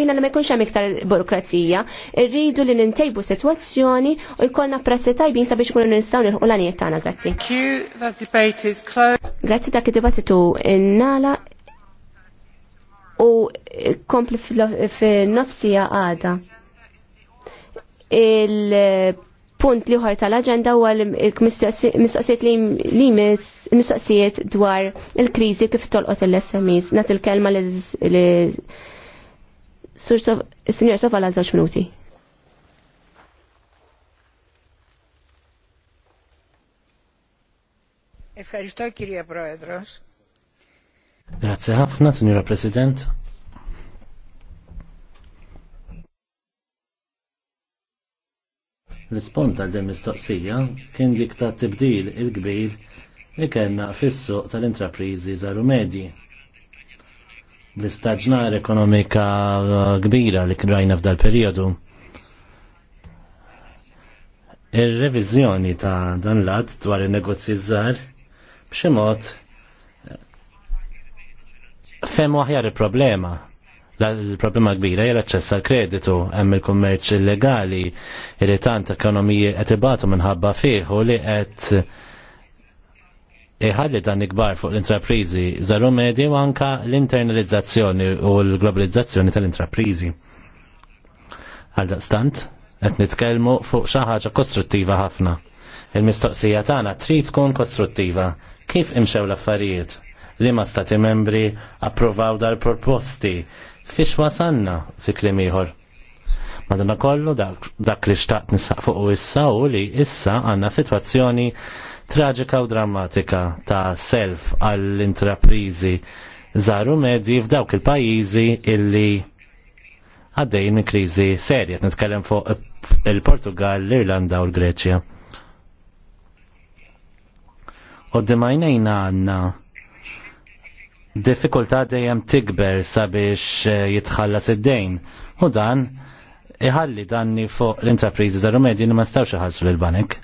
jina li ma jkunx hemm iktar burokrazija. Irridu li nintejbu sitwazzjoni u jkollna prezzi tajbin sabiex kunu nistgħu nilħu l-għanijiet tagħna. Grazzi. Grazzi dak id-dibattitu innala u kompli f'nofsija għada. Il-punt uħar tal-agenda huwa l-mistoqsijiet li mistoqsijiet dwar il-kriżi kif tolqot il-SMEs. Nat il-kelma li Signor Sofa għal żewġ minuti. Ευχαριστώ κυρία Πρόεδρος. Grazie ħafna, Signora President. L-ispont għal din mistoqsija kien dik ta' tibdil il-kbir li kellna fis-suq tal-intrapriżi żaru medji l-istaġnar ekonomika eh, kbira li krajna f'dal periodu. Ir-reviżjoni ta' dan l-att dwar il-negozji żgħar b'xi mod femmu aħjar il-problema l-problema kbira hija l-aċċess għal kreditu hemm il-kummerċ illegali li tant ekonomiji qed ibatu minħabba fih u li qed iħalli dan ikbar fuq l-intraprizi zaru medji u anka l-internalizzazzjoni u l-globalizzazzjoni tal-intraprizi. Għal-daqstant, qed nitkellmu fuq xi ħaġa kostruttiva ħafna. Il-mistoqsija tagħna trid tkun kostruttiva. Kif imxew l-affarijiet? Li ma stati membri approvaw dal-proposti? Fiex wasanna fi klim ieħor? Madonna kollu dak, dak li xtaqt nisaq fuq u issa u li issa għanna situazzjoni traġika u drammatika ta' self għall-intraprizi zaru medji f'dawk il-pajizi illi għaddej minn krizi serja. Nitkellem fuq il-Portugal, l-Irlanda u l-Greċja. U d-dimajnejna għanna diffikultà dejjem tikber sabiex eh, jitħallas id-dejn. U dan iħalli danni fuq l-intrapriżi zaru medji li ma stawx iħallsu l-banek.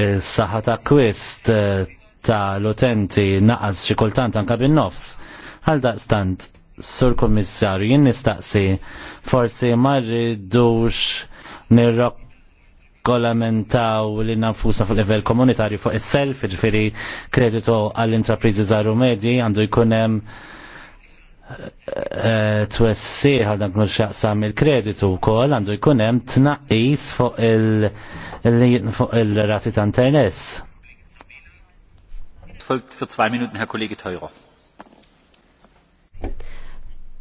saħħa ta' kwist eh, tal-utenti naqas xi kultant anke bin-nofs. Għal daqstant, sur kommissarju, jien nistaqsi forsi ma rridux nirrokolamentaw li nafusa fuq level komunitarju fuq is-self, jiġifieri kreditu għall-intrapriżi żaru medji għandu jkun hemm eh, eh, twessi għal dan xaqsam il-kreditu wkoll għandu jkun hemm tnaqqis fuq il- li fuq il-rati ta' interess. Folgt für zwei Minuten, Herr Kollege Teurer.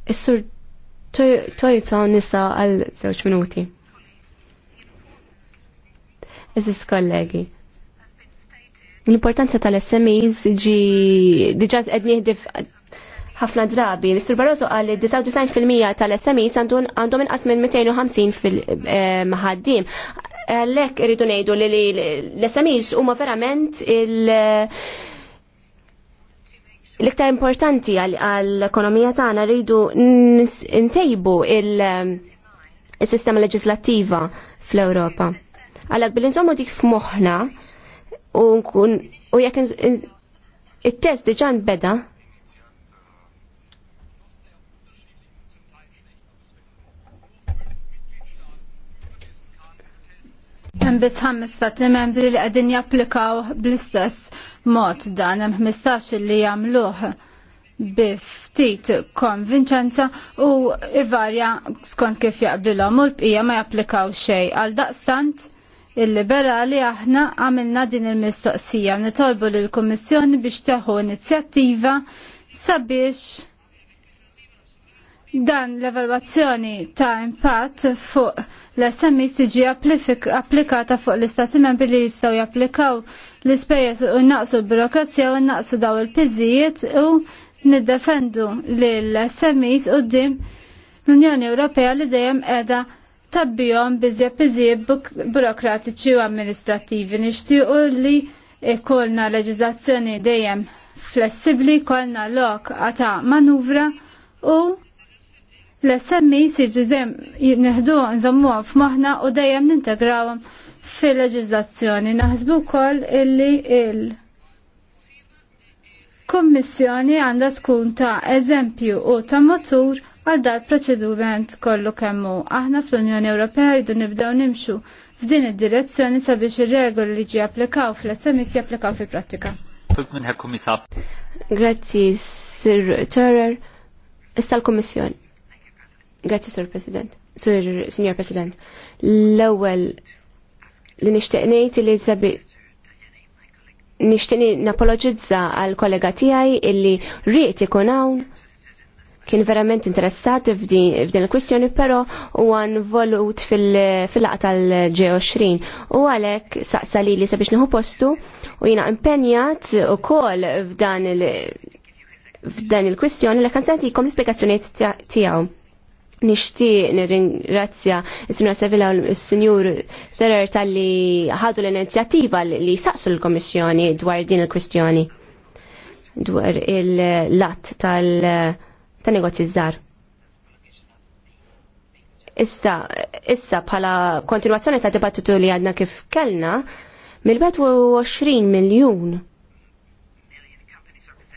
Is-sur Toyota nisa għal żewġ minuti. Eżis kollegi. L-importanza tal-SMEs ġi diġa qed ħafna drabi. Mr. Barroso għal 99% tal-SMEs għandhom inqas minn 250 fil-ħaddim. Eh, Lek irridu ngħidu li l-SMEs huma verament il- l-iktar importanti għall-ekonomija tagħna rridu ntejbu il-sistema leġislattiva fl-Ewropa. Għalhekk bil insommu dik f'moħħna u jekk it-test diġà beda Hemm biss ħames stati membri li qegħdin japplikaw bl-istess mod dan hemm li jagħmluh biftit konvinċenza u ivarja skont kif jaqblilhom u l-bqija ma japplikaw xejn għal daqstant il-liberali aħna għamilna din il-mistoqsija nitolbu lill kummissjoni biex teħu inizjattiva sabiex Dan l-evalwazzjoni ta' impatt fuq l smi tiġi applikata fuq l-istati membri li jistgħu japplikaw l-ispejjeż u naqsu l-birokrazija u naqsu daw il-piżijiet u niddefendu l-SMIs u d-dim l-Unjoni Ewropea li dejjem qiegħda tabbihom bizja piżijiet burokratiċi u amministrativi nixtiequ li ikollna leġiżlazzjoni dejjem flessibbli, kolna lok għata manuvra u l-SMI siġu zem neħdu nżammuha f'maħna u dejjem nintegrawhom fil-leġiżlazzjoni. Naħsbu wkoll illi il- Kommissjoni għandha tkun ta' eżempju u ta' motur għal dal proċedument kollu kemmu. Aħna fl-Unjoni Ewropea rridu nibdew nimxu f'din id-direzzjoni sabiex ir-regoli li ġi applikaw fl si japplikaw fi prattika. Grazzi, Sir Turer. Issa l-Kommissjoni. Grazzi, Sur President. Sur Signor President. L-ewwel li nixtieq ngħid li sabi nishtiqni napologizza għal kollega tiegħi illi riet ikun hawn kien verament interessat f'din il-kwistjoni, pero u għan volut fil-laqta tal-G20. U għalek saqsali li sabiex nħu postu u jina impenjat u kol f'dan il- f'dan il-kwistjoni li kan sentikom l-spiegazzjoni tijaw nishtiq nirringrazzja s-Sinjur Sevilla u s-Sinjur Ferrer tal-li ħadu l-inizjattiva li saqsu l-Komissjoni dwar din il-kwistjoni dwar il-lat tal-negozji żgħar. Issa, issa bħala kontinuazzjoni ta' dibattitu li għadna kif kellna, mill-20 miljun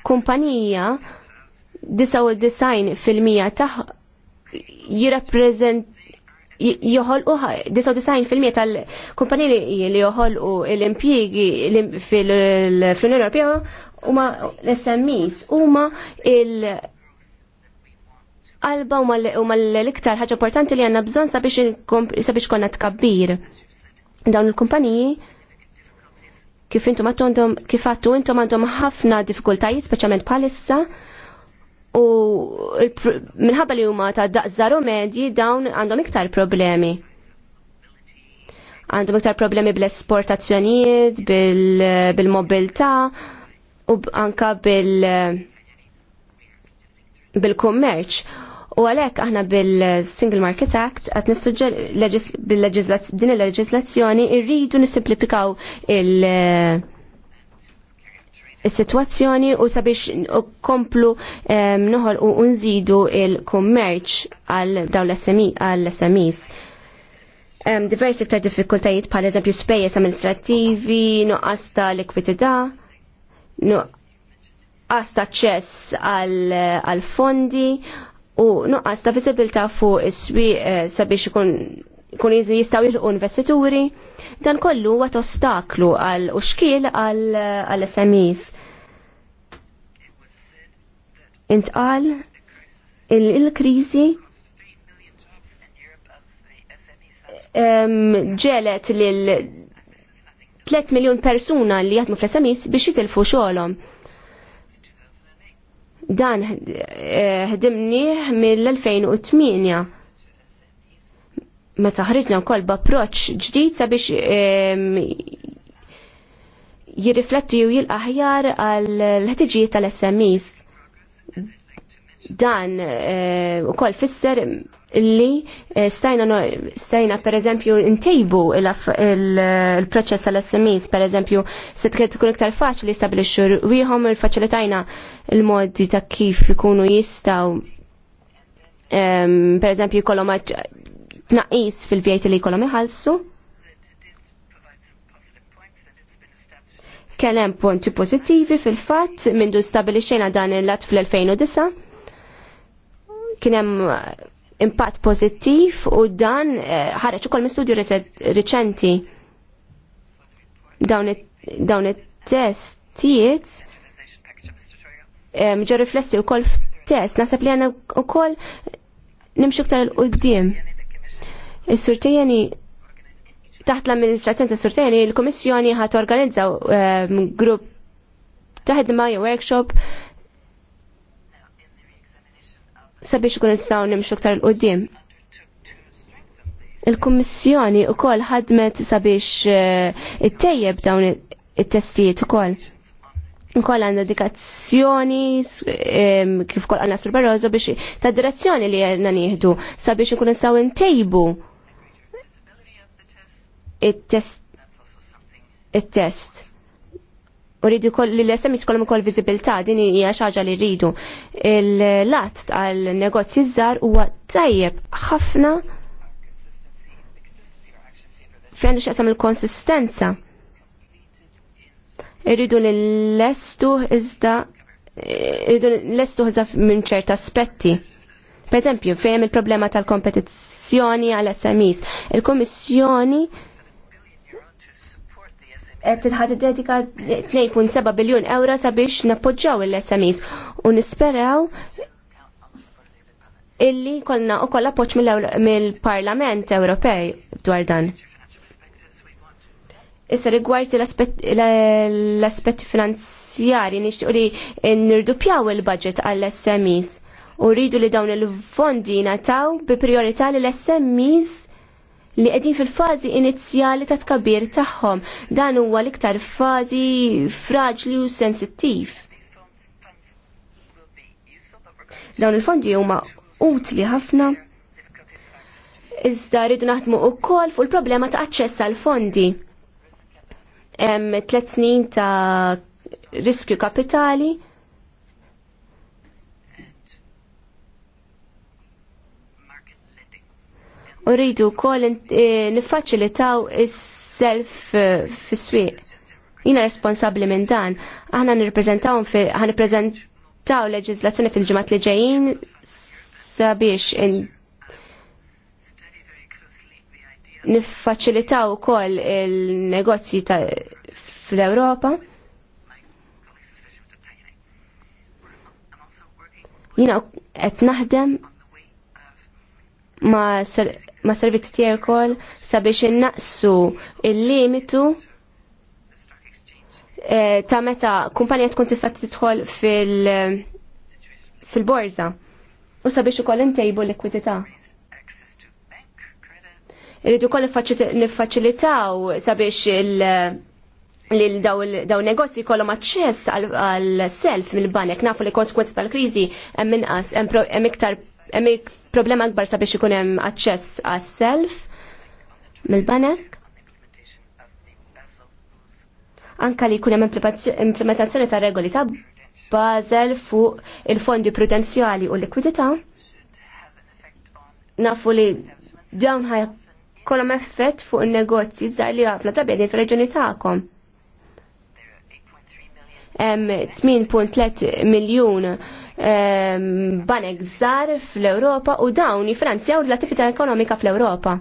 kumpanija 99% taħ jirrapprezent joħolqu 99% tal-kumpaniji li joħolqu l-impjiegi fl-Unjoni Ewropea huma l-SMEs huma il- alba u mal-iktar ħaġa importanti li għanna bżon sabiex konna tkabbir. Dawn il-kumpaniji kif intom kif għattu intom għandhom ħafna diffikultajiet, speċjalment bħalissa, u minħabba li huma ta' daqżaru medji dawn għandhom iktar problemi. Għandhom iktar problemi bl-esportazzjonijiet, bil-mobilità u anka bil- bil-kummerċ. U għalek aħna bil-Single Market Act għat nissuġġer din il-leġizlazzjoni irridu nisimplifikaw il- is-sitwazzjoni u sabiex komplu nuħol u nżidu il-kummerċ għal dawn l-SMEs. Diversi iktar diffikultajiet bħal eżempju spejjeż amministrattivi, nuqqas ta' likwidità, nuqqas ta' ċess għal fondi u nuqqas ta' visibilta' fuq is-swieq eh, sabiex ikun kun jistaw jilqu investituri, dan kollu għat ostaklu għal u xkil għal SMEs. Intqal il-krizi ġelet lil 3 miljon persuna li jatmu fl-SMEs biex jitilfu xolom dan eh, ħdimni mill-2008 meta ħriġna wkoll b'approċċ ġdid sabiex jirrifletti u jilqaħjar għal l-ħtiġijiet tal-SMEs. Dan eh, u koll fisser li eh, stajna, stajna per eżempju intejbu il-proċess tal-SMEs, per eżempju se tkun iktar faċli stabilixxu wieħom il-faċilitajna il-modi ta' kif ikunu jistaw per eżempju kolom tnaqis fil-vjajt li jkollhom iħallsu. Kellem punti pożittivi fil-fatt mindu stabilixxejna dan il-lat fl-2009. Kien hemm eh, impatt pożittiv u dan eh, ħareġ ukoll studju riċenti dawn it-testijiet eh, ġo riflessi u kol f'test, nasab li għanna u kol nimxu ktar l-qoddim. Is-surtejani taħt l-amministrazzjoni ta' surtejani il-Komissjoni ħat organizzaw ehm, grupp ta' jew workshop sabiex kun nistgħu nimxu aktar il-qudiem. Il-Kummissjoni wkoll ħadmet sabiex eh, ittejjeb dawn it-testijiet ukoll. Nkoll għandna dedikazzjoni ehm, kif kol għandna Sur Barroso biex ta' direzzjoni li għandna nieħdu sabiex nkun nistgħu ntejbu it-test it-test. U rridu li l esem kolom kol vizibilta, din hija xaġa li rridu. Il-lat għal negozji żgħar huwa tajjeb ħafna fejn qasam il-konsistenza. Irridu li l-estu iżda irridu l-estu iżda minn ċerta aspetti. Per eżempju, fejn il-problema tal-kompetizzjoni għal-SMEs. Il-Komissjoni il problema tal kompetizzjoni għal il komissjoni tidħat dedika 2.7 biljun euro sabiex nappoġġaw il-SMEs u nisperaw illi kolna u kolla poċ mill-Parlament Ewropej dwar dan. Issa rigward l-aspet finanzjari nixtiqu li nirdupjaw il-budget għall-SMEs u rridu li dawn il-fondi nataw bi priorità l-SMEs li qegħdin fil-fażi inizjali ta' tkabbir tagħhom. Dan huwa l-iktar fażi fraġli u sensittiv. Dawn il-fondi huma utli ħafna. Iżda rridu naħdmu wkoll fuq il-problema ta' aċċess għal fondi. Hemm tliet snin ta' riskju kapitali u rridu wkoll eh, niffaċilitaw is-self eh, fis-swieq. Jiena responsabbli minn dan, aħna nirrepreżentaw ħan nippreżentaw leġizlazzjoni fil-ġimgħat li ġejjin sabiex niffaċilitaw ukoll il-negozji fl-Ewropa. Jina qed naħdem ma ma' servizzi tiegħi wkoll sabiex innaqsu il-limitu eh, ta' meta kumpanija tkun tista' tidħol fil- fil-borza u sabiex ukoll intejbu l-likwidità. Irridu koll niffaċilitaw sabiex il- li daw negozji kollhom aċċess għal self mill-banek nafu li konsekwenza tal-kriżi hemm inqas hemm iktar problema akbar sabiex ikun hemm aċċess għas-self mill-banek. Anka li jkun hemm implementazzjoni ta' regoli ta' Basel fuq il-fondi prudenzjali u l-likwidità. Nafu li dawn ħaj kolom effett fuq il-negozji żgħar li għafna ta' fir reġjoni reġuni tagħkom. 8.3 miljun ehm, banek żgħar fl-Ewropa u dawn jifinanzjaw l-attività ekonomika fl-Ewropa.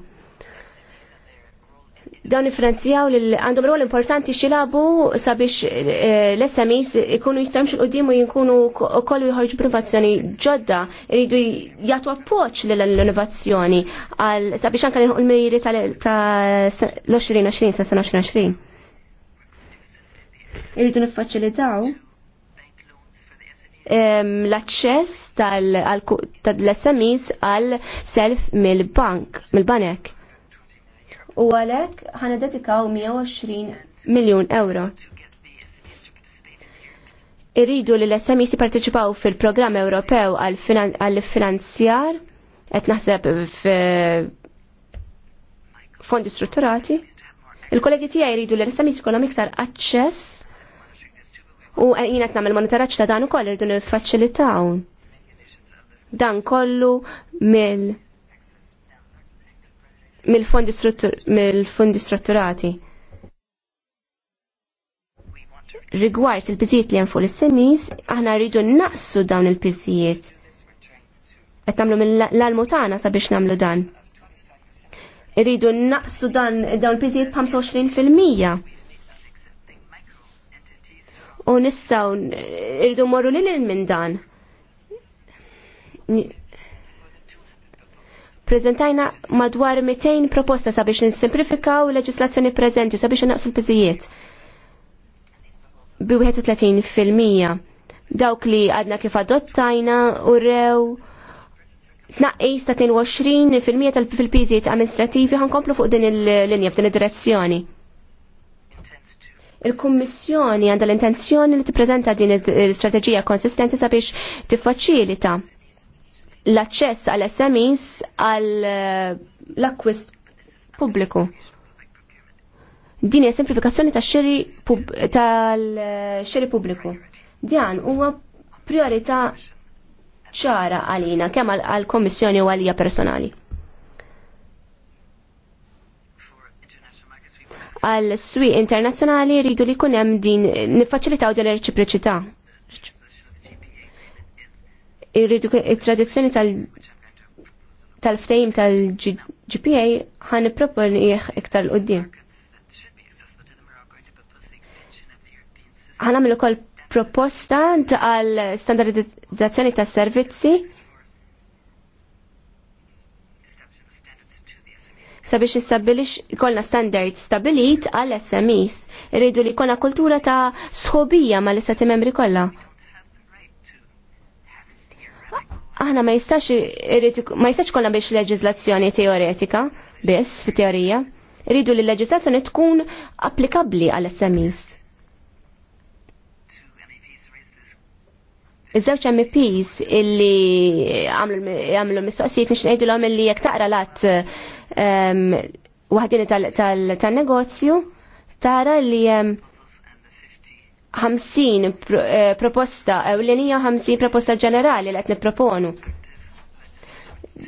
Dawn jifinanzjaw li għandhom rol importanti xilabu sabiex eh, l-SMEs ikunu jistamx l-qoddim u jinkunu kollu jħorġu b'innovazzjoni ġodda, jridu jagħtu appoċ l-innovazzjoni sabiex anke l-miri tal-2020 sa' 2020 irridu niffaċilitaw l-aċċess tal-SMEs għal self mill-bank, mill-banek. U għalek ħana dedikaw 120 miljon euro. Irridu li l-SMEs jipparteċipaw fil-programm Ewropew għal-finanzjar, għet naħseb fondi strutturati. Il-kollegi tija jridu li l-SMEs jkollhom iktar aċċess U jina t-namel monitoraċ ta' dan u koll irdu nil-facilitaw. Dan kollu mill mill-fondi mill strutturati. Rigward il-biżijiet li hemm fuq is-semis, aħna rridu naqsu dawn il-biżijiet. Qed nagħmlu mill-almu tagħna sabiex nagħmlu dan. Irridu naqsu dan dawn il-biżijiet b'25 fil-mija u nistaw irdu morru lil minn dan. Prezentajna madwar 200 proposta sabiex nisimplifikaw il-leġislazzjoni preżenti sabiex naqsu l-piżijiet bi 31% dawk li għadna kif adottajna u rew tnaqqis ta' 22% fil pizijiet amministrativi ħankomplu fuq din il-linja f'din id-direzzjoni. Il-Kummissjoni għandha l-intenzjoni li tippreżenta din l-istrateġija konsistenti sabiex tiffaċilita l-aċċess għal SMEs għal eh, l-akwist pubbliku. Din hija simplifikazzjoni tal-xiri pubbliku. Dan huwa priorità ċara għalina kemm għall-Kommissjoni u għalija personali. għal swi internazzjonali rridu li kunem din nifaċilitaw din reċiproċità. Irridu il tradizjoni tal-ftejim tal-GPA ħan proponi iktar l-qoddim. ħan għamlu kol proposta għal standardizzazzjoni tal servizzi sabiex istabilix ikollna standard stabilit għal SMEs. Rridu li jkollna kultura ta' sħobija mal istati membri kollha. Aħna ma jistax ma jistax kollha biex leġizlazzjoni teoretika biss fit teorija. Rridu li leġizlazzjoni tkun applikabbli għal SMEs. Iż-żewġ MPs illi għamlu mistoqsijiet nix ngħidulhom illi jekk taqra lat waħdini tal-negozju tara li 50 eh, proposta ewlenija 50 proposta ġenerali li qed nipproponu.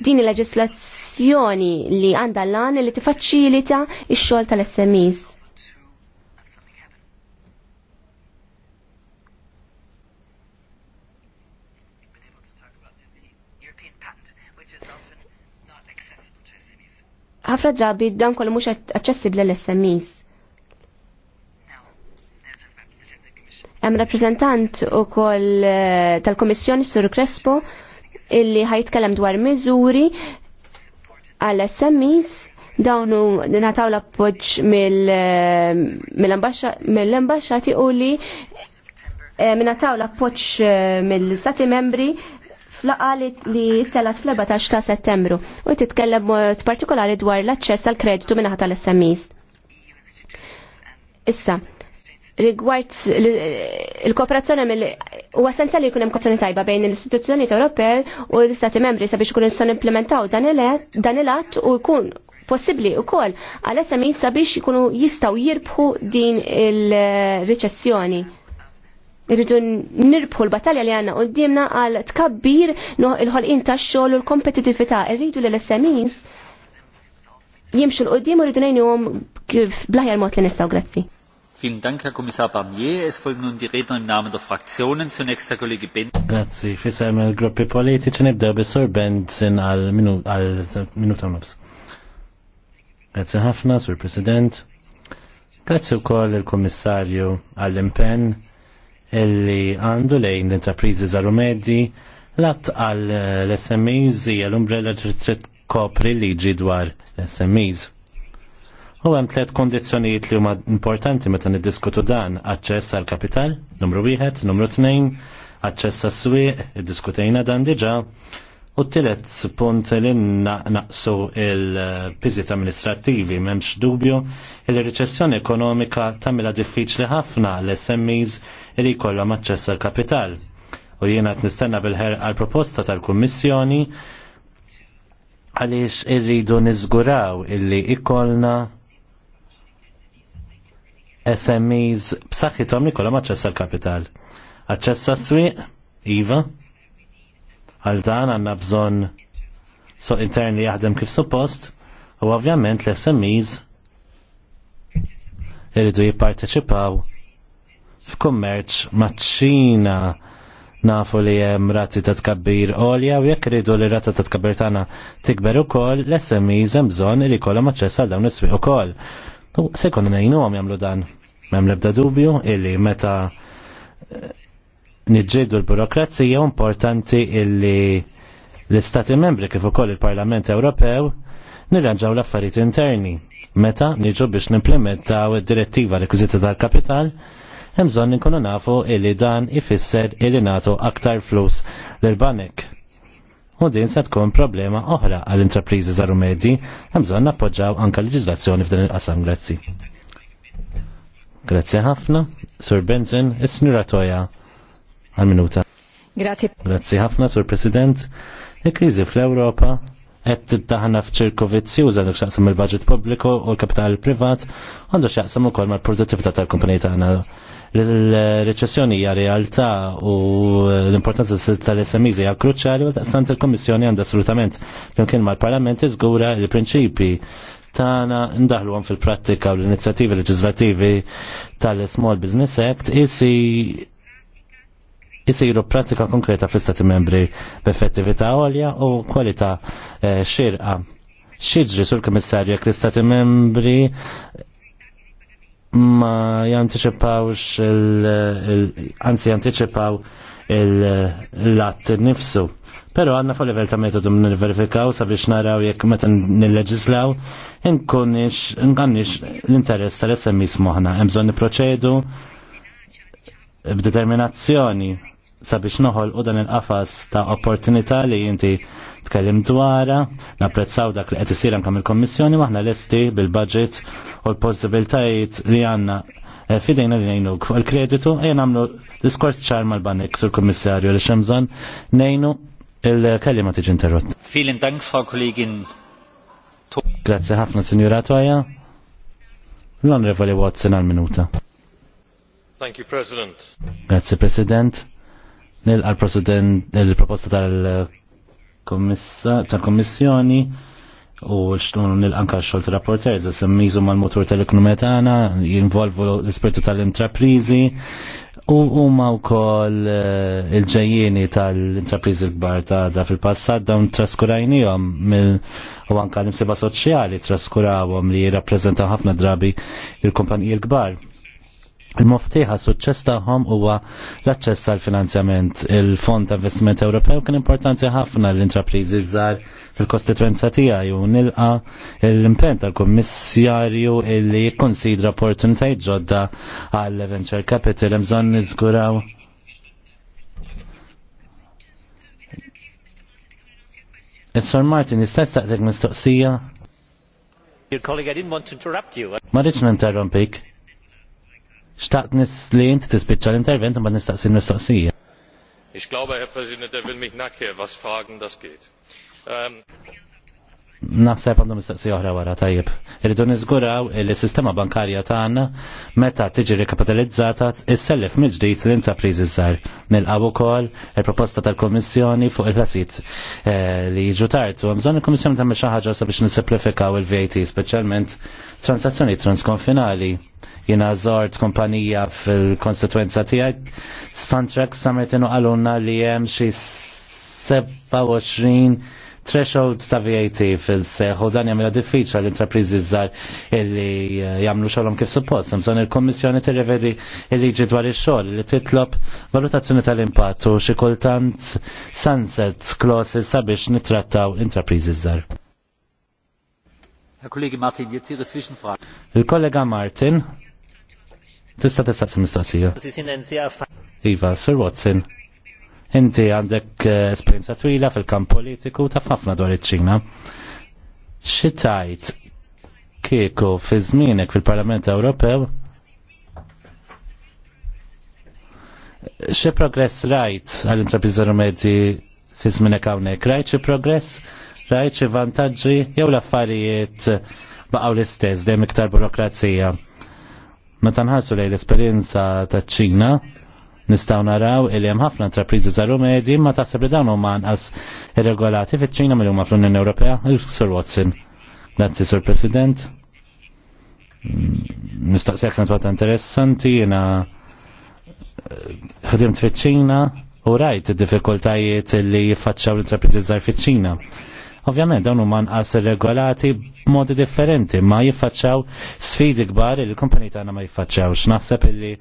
Din il-leġislazzjoni li għandha l-għan li tifaċilita x-xogħol tal-SMEs. ħafna drabi dan kollu mhux aċċessibbli l-SMEs. Hemm rappreżentant ukoll eh, tal-Kummissjoni Sur Crespo illi ħajtkellem dwar miżuri għall smes dawnu nataw l-appoġġ eh, mill-ambasċati u li eh, nataw l-appoġġ mill-stati membri flaqa li telat fl-14 ta' settembru u titkellem mod partikolari dwar l-aċċess għal kreditu minnaħat tal smis Issa, rigward il-kooperazzjoni mill u essenzjali jkun hemm kooperazzjoni tajba bejn l-istituzzjonijiet Ewropej u l-Istati Membri sabiex ikun nistgħu implementaw dan il-att u jkun possibli u kol għal-SMI sabiex jkunu jistaw jirbħu din il-reċessjoni irridu nirbħu l-battalja li għanna qoddimna għal tkabbir il-ħolqin ta' xol u l kompetitivita Irridu li l-SMEs jimxu l-qoddim u rridu nejni għom blaħjar mot li nistaw, grazzi. Vielen Dank, Herr Kommissar Barnier. Es folgen nun die Redner im Namen der Fraktionen. Zunächst der Kollege Bend. Grazie. Fissem il-gruppi politiċi nibdew bis-sur Benson għal minuta nofs. Grazie ħafna, Sur President. Grazie u koll il-Kommissarju illi għandu lejn l-intrapriżi żaru medji lat għal l-SMEs hija l-umbrella trid kopri liġi dwar l-SMEs. U hemm tliet kondizjoniet li huma importanti meta niddiskutu dan aċċess għal kapital, numru wieħed, numru tnejn, aċċess għas swieq iddiskutejna dan diġà, U t tillet punt li naqsu il-pizit amministrativi memx dubju il-reċessjoni ekonomika tamila diffiċli ħafna l-SMEs li jkollhom maċċess kapital. U jiena qed nistenna bil ħer għal proposta tal-Kummissjoni għaliex irridu niżguraw illi ikolna SMEs b'saħħithom li jkollhom aċċess għal kapital. Aċċessa għas-swieq, iva, Għal dan għanna bżon so intern li jaħdem kif suppost u ovvjament l-SMEs irridu jipparteċipaw f'kummerċ maċ-Ċina nafu li hemm rati ta' tkabbir għolja u jekk rridu li rata ta' tkabbir tagħna tikber ukoll l smis hemm bżonn li jkollhom aċċess għal dawn is-swieq ukoll. kol. se jkunu ngħinuhom jagħmlu dan. M'hemm l-ebda dubju illi meta niġġieldu l-burokrazija importanti illi l-Istati membri kif ukoll il-Parlament Ewropew nirranġaw l-affarijiet interni. Meta niġu biex nimplementaw id-direttiva rekwizita tal-kapital, hemm bżonn inkunu nafu illi dan ifisser illi nagħtu aktar flus l-banek. U din se tkun problema oħra għall intrapriżi żaru medji, hemm bżonn nappoġġaw anke leġiżlazzjoni f'dan il-qasam grazzi. Grazzi ħafna, Sur Benzin, is-Snira Toja Għal-minuta. Grazie. Grazie ħafna, Sur President. Il-krizi fl-Europa qed tiddaħna f'ċirku vizzjuż għandu x'jaqsam il-budget pubbliku u l-kapital privat għandu x'jaqsam ukoll mal-produttività tal-kumpaniji tagħna. Il-reċessjoni hija realtà u l-importanza tal-SMEs hija kruċjali u taqsant il kummissjoni għandha assolutament flimkien mal-Parlament iżgura l prinċipi tagħna ndaħluhom fil-prattika u l-inizjativi leġislativi tal-Small Business Act isi jisiru pratika konkreta fl-istati membri b'effettività għolja u kwalità eh, xirqa. Xieġri sur komissarju jekk l-istati membri ma jantiċipawx anzi jantiċipaw il-lat nifsu. Pero għanna fuq level ta' metodu nil-verifikaw sabiex naraw jekk meta nil-leġislaw inkunix l-interess tal-SMI smuħna. Hemm bżonn niproċedu b'determinazzjoni sabiex noħol u dan il-qafas ta' opportunità li inti tkellim dwara, napprezzaw dak li qed isir anke mill-Kommissjoni waħna lesti bil-budget u l-possibiltajiet li għandna eh, fidejna li nejnu fuq il-kreditu e nagħmlu diskors ċar mal-banek sur kummissarju li xemżon nejnu il-kellima tiġi interrott. Filin dank, Frau Kollegin. Grazie ħafna, Signora Toja. L-Onorevoli Watson għal-minuta. Thank you, President. Grazie, President nilqa l-president il-proposta tal-kommissjoni u xtun nil-anka xol rapporter za semmizu mal-motor tal ekonometana jinvolvu l-ispirtu tal-intraprizi u huma wkoll eh, il-ġejjieni tal-intraprizi l-kbar ta' da fil-passat dawn traskurajnihom mill u anka l-imsiba soċjali traskurawhom li jirrappreżentaw ħafna drabi il-kumpaniji l-kbar Il-moftiħa suċċess tagħhom huwa l-aċċess għal finanzjament. Il-Fond ta' Investiment Ewropew kien importanti ħafna l-intrapriżi żgħar fil-kostituenza tiegħi u nilqa l-impenn tal-Kummissjarju li jikkonsidra opportunitajiet ġodda għal venture capital hemm bżonn niżguraw Is-Sor Martin, jista' staqsek mistoqsija? Your colleague, I didn't want to interrupt you. Ma rridx ninterrompik. Xtaqt nis li inti tispiċċa l-intervent ma nistaqsi l-mistoqsija. Ich glaube, Herr Präsident, der will mich nachher was fragen, das geht. Ähm, Naħseb għandhom mistaqsija oħra wara tajjeb. Irridu niżguraw li sistema bankarja tagħna meta tiġi rikapitalizzata issellef mill-ġdid l-intrapriżi żgħar. Milqaw ukoll il-proposta tal kummissjoni fuq il-ħasit eh, li jiġu tartu. Bżonn il-Kommissjoni tagħmel xi ħaġa sabiex nisimplifikaw il-VAT, speċjalment transazzjoni transkonfinali jina zort kompanija fil-konsekwenza tijak, Sfantrak samet u għalunna li jem xie 27 threshold ta' VAT fil-seħ u dan jagħmilha diffiċla l-intrapriżi zzar illi eh, jagħmlu xogħolhom kif suppost. Imson il-Kommissjoni tirrevedi il-liġi dwar ix-xogħol li titlob valutazzjoni tal-impatt u xi kultant sunset clauses sabiex nittrattaw intrapriżi żgħar. Il-kollega Martin, Tista tista mistoqsija. Iva, Sir Watson, inti għandek eh, esperienza twila fil-kamp politiku ta' ħafna dwar iċ-Ċina. Xitajt kieku fi żmienek fil-Parlament Ewropew xi progress rajt għal intrapiżar medzi fi żmienek hawnhekk, rajt xi progress, rajt xi vantaġġi jew l-affarijiet baqgħu l-istess dejjem iktar burokrazija Meta nħarsu lejn l-esperjenza ta' ċina, nistgħu naraw li hemm ħafna intrapriżi żaru medji ma taħseb li dawn huma anqas irregolati fiċ-Ċina mill huma fl-Unjoni Ewropea, il-Sur Watson. Grazzi, Sur President. Nistaqsija mm, kienet wata interessanti, jiena eh, ħadimt fiċ-Ċina u rajt id-diffikultajiet li jiffaċċaw l-intrapriżi żgħar fiċ-Ċina Ovvjament dawn huma nqas regolati b'modi differenti ma jiffaċċaw sfidi kbar li l-kumpaniji tagħna ma jiffaċċawx. Naħseb illi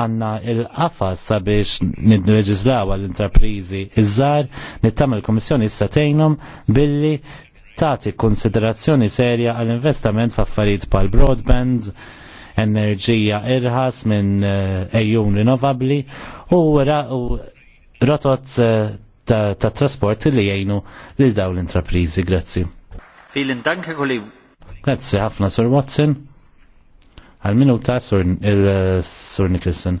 għanna il-qafas sabiex nid-leġizlaw għall-intraprizi iż-żar, nittamil kummissjoni s-satejnum billi tati konsiderazzjoni serja għall-investament f'affarijiet pal broadband enerġija irħas minn eh, ejjun rinnovabli u rotot eh, ta', ta trasport li jgħinu li daw l-intraprizi. Grazzi. Filin danke kolli. Grazzi ħafna Sur Watson. Għal minuta Sur Nicholson.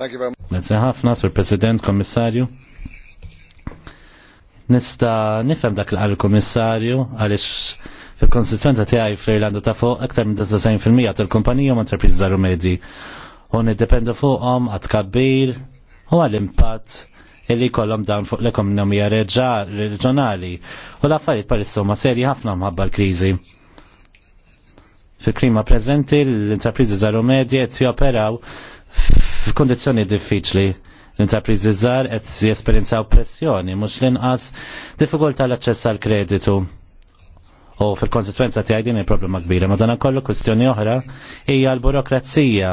Grazzi ħafna Sur President, Kommissarju. Nista nifhem dak l kommissarju għaliex fil-konsistenza tiegħi fl-Irlanda ta' fuq aktar minn 90% tal-kumpanija ma' trapizzaru medji. Un id niddependu fuqhom għat kabbir u għall-impatt illi kollom dan fuq l-ekonomija reġjonali u l-affarijiet parissu ma serji ħafna mħabba l-kriżi. Fil-klima preżenti l-intrapriżi żaru medji qed joperaw f'kondizzjoni diffiċli. L-intrapriżi żgħar qed jesperjenzaw pressjoni mhux l-inqas diffikultà l-aċċess għall kreditu U fil-konsekwenza tiegħi din il-problema kbira. Ma dan kollu kwestjoni oħra hija l-burokrazija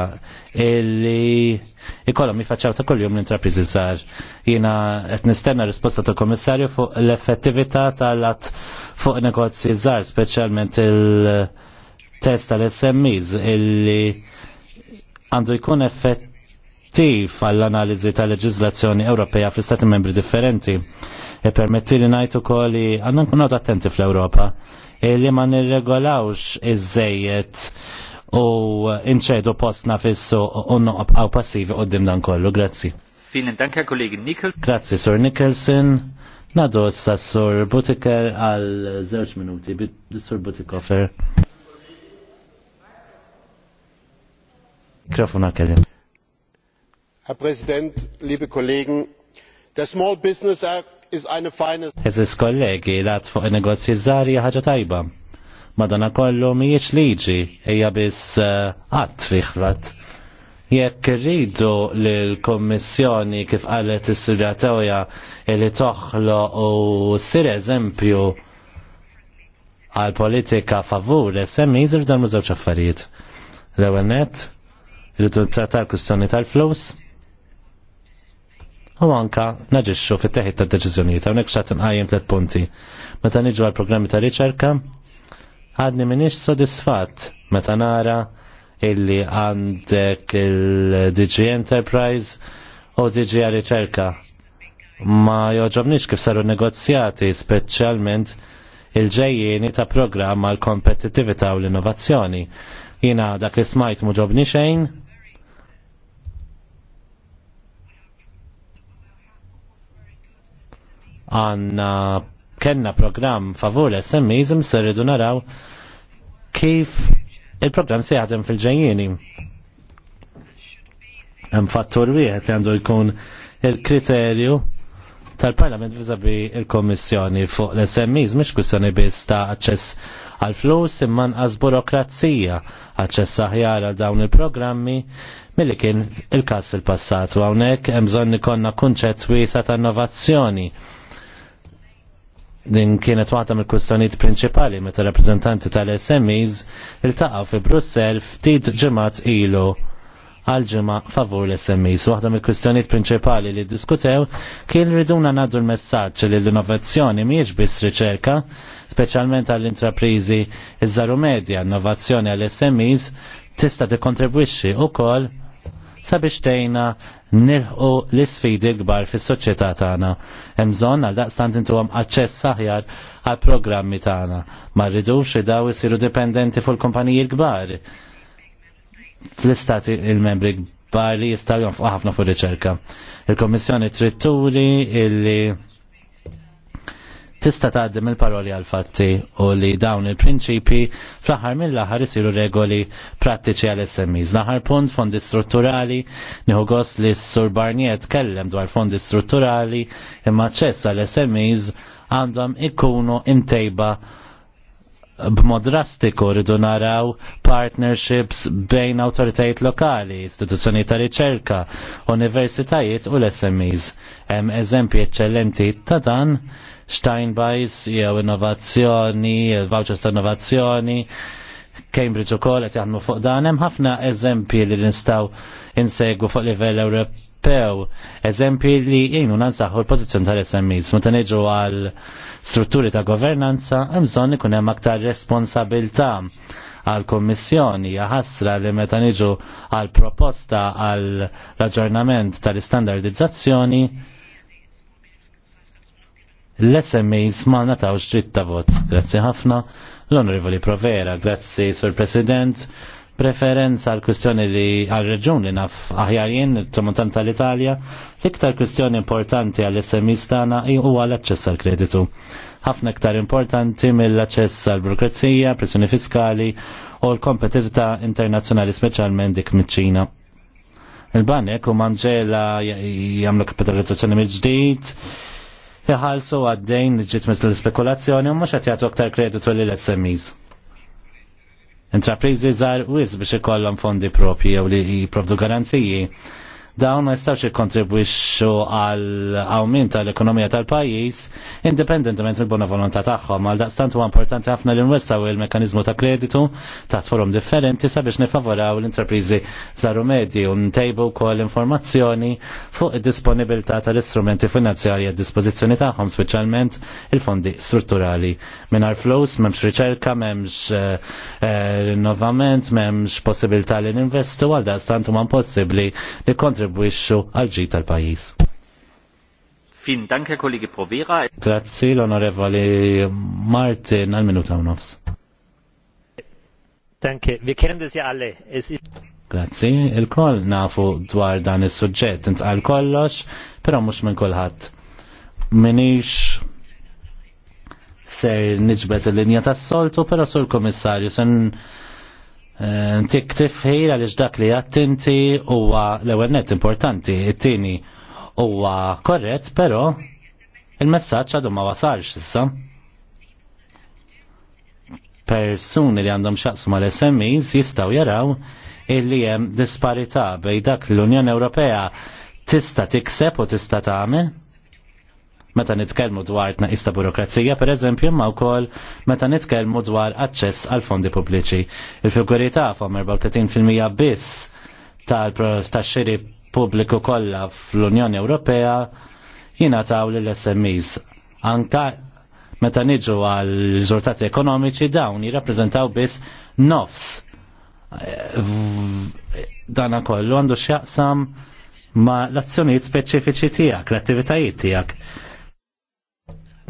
illi ikollhom jifaċċaw ta' kuljum l-intrapriżi żgħar. Jiena qed nistenna risposta tal kummissarju fuq l-effettività tal-att fuq negozji żgħar, speċjalment il-test tal-SMEs illi għandu jkun effett effettiv għall-analizi ta' leġizlazzjoni Ewropea fl-Stati membri differenti. E permetti li najtu koli għannan nkunot attenti fl-Europa li ma nirregolawx iż-żejjed u inċedu postna fissu u noqgħu passivi qoddim dan kollu. Grazzi. Vielen danka kollegi Nikol. Grazzi, Sur Nicholson. Nadu sa Sur Butiker għal żewġ minuti, Sur Butikofer. Mikrofon għakellim. Herr Präsident, liebe Kollegen, der Small Business Act Eżis kollegi, lat fuq negozji żgħar hija ħaġa tajba. Madana kollu mhijiex liġi, eja biss qatt eh, fiħlat. Jekk rridu l-Kommissjoni kif qalet is tewja li toħlo u sir eżempju għal politika favur SMI żir dan mużewġ affarijiet. L-ewwel net, irridu trattar kustjoni tal-flus, u anka naġixxu fit-teħid ta' deċiżjonijiet hawnhekk xagħt inqajjem tliet punti. Meta niġu għal programmi ta' riċerka, għadni minix sodisfatt meta nara illi għandek il-DG Enterprise u DG Riċerka. Ma joġobniċ kif saru negozjati speċjalment il-ġejjieni ta' programm l-kompetitivita u l-innovazzjoni. Jina dak li smajt muġobni xejn, għanna kenna program favur SMEs imserridu naraw kif il-program se jaħdem fil ġajjini Hemm fattur wieħed li għandu jkun il-kriterju tal-Parlament vizabi il komissjoni fuq l-SMEs mhix kwistjoni biss ta' aċċess għal flus imma nqas burokrazija aċċess aħjar għal dawn il-programmi milli kien il-każ fil-passat u hawnhekk hemm bżonn ikollna kunċett wiesa ta' innovazzjoni din kienet waħda mill kwistjonijiet prinċipali meta rappreżentanti tal-SMEs iltaqgħu fi Brussell ftit ġimgħat ilu għal ġimgħa favur l-SMEs. Waħda mill kwistjonijiet prinċipali li diskutew kien riduna nagħdu l-messaġġ li l-innovazzjoni mhijiex biss riċerka, speċjalment għall intraprizi iż-żaru medja, innovazzjoni għall SMEs tista' tikkontribwixxi wkoll sabiex tgħinna nirħu l-sfidi gbar kbar fis-soċjetà tagħna. Hemm bżonn għal daqstant intuhom aċċess aħjar għal programmi tagħna. Ma rridux daw isiru dipendenti fuq il-kumpaniji l-kbar. Fl-istati il-membri kbar li jistgħu jonfqu ħafna fuq riċerka. Il-Kommissjoni tritturi illi tista' taqdim il-paroli għal fatti u li dawn il-prinċipi fl-aħħar mill-aħħar isiru regoli prattiċi għal SMEs. L-aħħar punt fondi strutturali nieħu gost li s-Sur Barniet kellem dwar fondi strutturali imma ċess għal SMEs għandhom ikunu imtejba b'mod drastiku rridu naraw partnerships bejn awtoritajiet lokali, istituzzjoni ta' riċerka, universitajiet u l-SMEs. Hemm eżempji eċċellenti ta' dan Steinbeis, jew innovazzjoni, il-vouchers ta' innovazzjoni, Cambridge u kol, jaħdmu fuq dan, hemm ħafna eżempji li nistgħu insegwu fuq livell Ewropew, eżempji li jgħinu nansaħu l-pożizzjoni tal-SMEs. Meta niġu għal strutturi ta' governanza, hemm bżonn ikun hemm aktar responsabilità għal kommissjoni jaħasra li meta niġu għal proposta għal l-aġġornament tal-istandardizzazzjoni l smas ma natawx dritt ta' vot. Grazzi ħafna, l-Onorevoli Provera, grazzi Sur President, preferenza għal kwistjoni li għal reġun li naf jien, il-tomontan tal-Italja, l-iktar kwistjoni importanti għal SMEs tana huwa l-aċċess għal kreditu. ħafna iktar importanti mill-aċċess għal burokrazija, pressjoni fiskali u l-kompetitività internazzjonali speċjalment dik miċ-Ċina. Il-banek u manġela jagħmlu kapitalizzazzjoni mill-ġdid, jħalsu għaddejn ġitmet l-spekulazzjoni u mux għatjatu aktar kreditu li l-SMEs. Intraprizi zar wis biex ikollhom fondi propji jew li jiprovdu garanziji Dawn ma jistax ikkontribwixxu għal awmin tal-ekonomija tal-pajjiż independentement mill-bona volontà tagħhom. Għal daqstant huwa importanti ħafna li nwessaw il-mekkaniżmu ta' kreditu ta' forum differenti sabiex nifavoraw l-intrapriżi żaru medji u ntejbu wkoll informazzjoni fuq id-disponibilità tal-istrumenti finanzjarji għad dispożizzjoni tagħhom speċjalment il-fondi strutturali. Minar flows, memx riċerka, memx rinnovament, eh, eh, memx possibilità li ninvestu għal daqstant huma impossibbli li kontri kontribwixxu għal ġid tal-pajjiż. Fin danke kollegi Provera. Grazzi l-onorevoli Martin għal minuta u nofs. Danke, vi kennen ja alle. Grazzi, il-koll nafu dwar dan is-suġġett intqal kollox, pero mux minn kolħat. Minix ser nġbet l linja tas-soltu, pero sur komissarju sen Eh, Tik tifħir għaliex dak li għattinti huwa l-ewwel importanti, it-tieni huwa korrett, però il-messaġġ għadu ma wasalx issa. Persuni li għandhom xaqsu mal-SMEs jistgħu jaraw illi hemm disparità bejn dak l-Unjoni Ewropea tista tikseb u tista tagħmel meta nitkellmu dwar tnaqis ta' burokrazija, per eżempju, imma wkoll meta nitkellmu dwar aċċess għal fondi pubbliċi. Il-figuri ta' tagħhom 34% biss tal-xiri pubbliku kollha fl-Unjoni Ewropea jina lill l-SMEs. Anka meta niġu għal riżultati ekonomiċi dawn jirrappreżentaw biss nofs. Dana kollu għandu x'jaqsam ma l-azzjonijiet speċifiċi tiegħek, l-attivitajiet tiegħek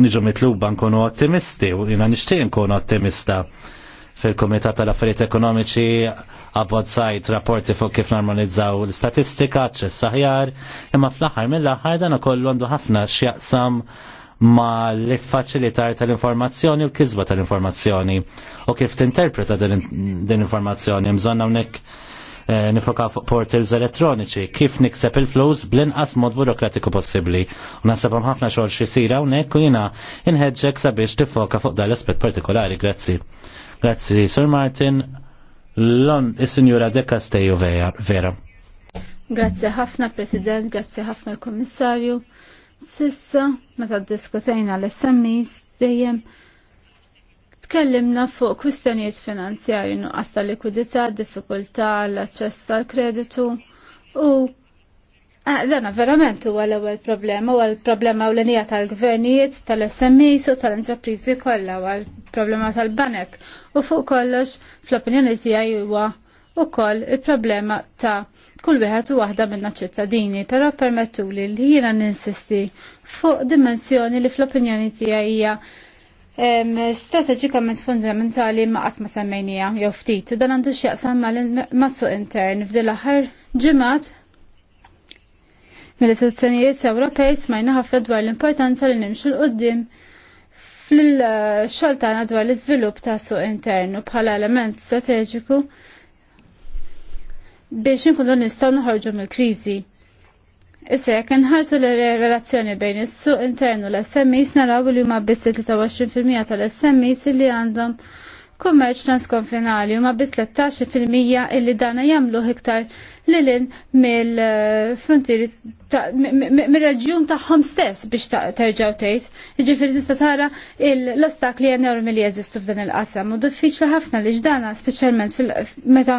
niġu mitluba nkunu ottimisti u jina nishtiq nkunu ottimista fil-Komitat tal-Affarijiet Ekonomiċi sajt rapporti fuq kif normalizzaw l istatistika ċess aħjar, imma fl-aħħar mill-aħħar dan ukoll għandu ħafna x'jaqsam ma l-faċilitar tal-informazzjoni u l-kizba tal-informazzjoni u kif tinterpreta din l-informazzjoni mżonna hawnhekk Eh, nifoka fuq portals elettroniċi, kif nikseb il-flus blinqas mod burokratiku possibbli. U nasabam ħafna xogħol xi jsir hawnhekk u jiena inħeġġek sabiex tifoka fuq dal aspett partikolari, grazzi. Grazzi, Sir Martin, Lon, is-Sinjura De Castello vera. Grazzi ħafna, President, grazzi ħafna kommissarju Sissa, meta diskutejna l-SMIs, dejjem Tkellimna fuq kwistjonijiet finanzjarji nuqqas ta' likwidità, diffikultà l-aċċess tal-kreditu u Dana verament huwa l-ewwel problema huwa l-problema ewlenija tal-gvernijiet, tal-SMEs u tal-intrapriżi kollha huwa l-problema tal-banek u fuq kollox fl-opinjoni tiegħi huwa wkoll il-problema ta' kull wieħed u waħda minna ċittadini, però permettuli li jiena ninsisti fuq dimensjoni li fl-opinjoni tiegħi hija strategikament fundamentali ma qatt ma semmejnija jew ftit. Dan għandu x'jaqsam mas-suq intern f'din l-aħħar ġimgħat mill-istituzzjonijiet Ewropej smajna ħafna dwar l-importanza li nimxu l qudiem fl-xogħol tagħna dwar l-iżvilupp ta' suq intern u bħala element strateġiku biex nkunu nistgħu noħorġu mill-kriżi. Isek, nħarsu l-relazzjoni bejn is-suq internu l smes naraw li huma biss 23% tal smes li għandhom kummerċ transkonfinali u ma bis 13% illi dana jamlu iktar lilin mill-frontieri eh, mir-reġjun tagħhom stess biex terġaw tgħid. Jiġifieri tista' tara l-ostakli enormi li jeżistu f'dan il-qasam u diffiċli ħafna li ġdana speċjalment meta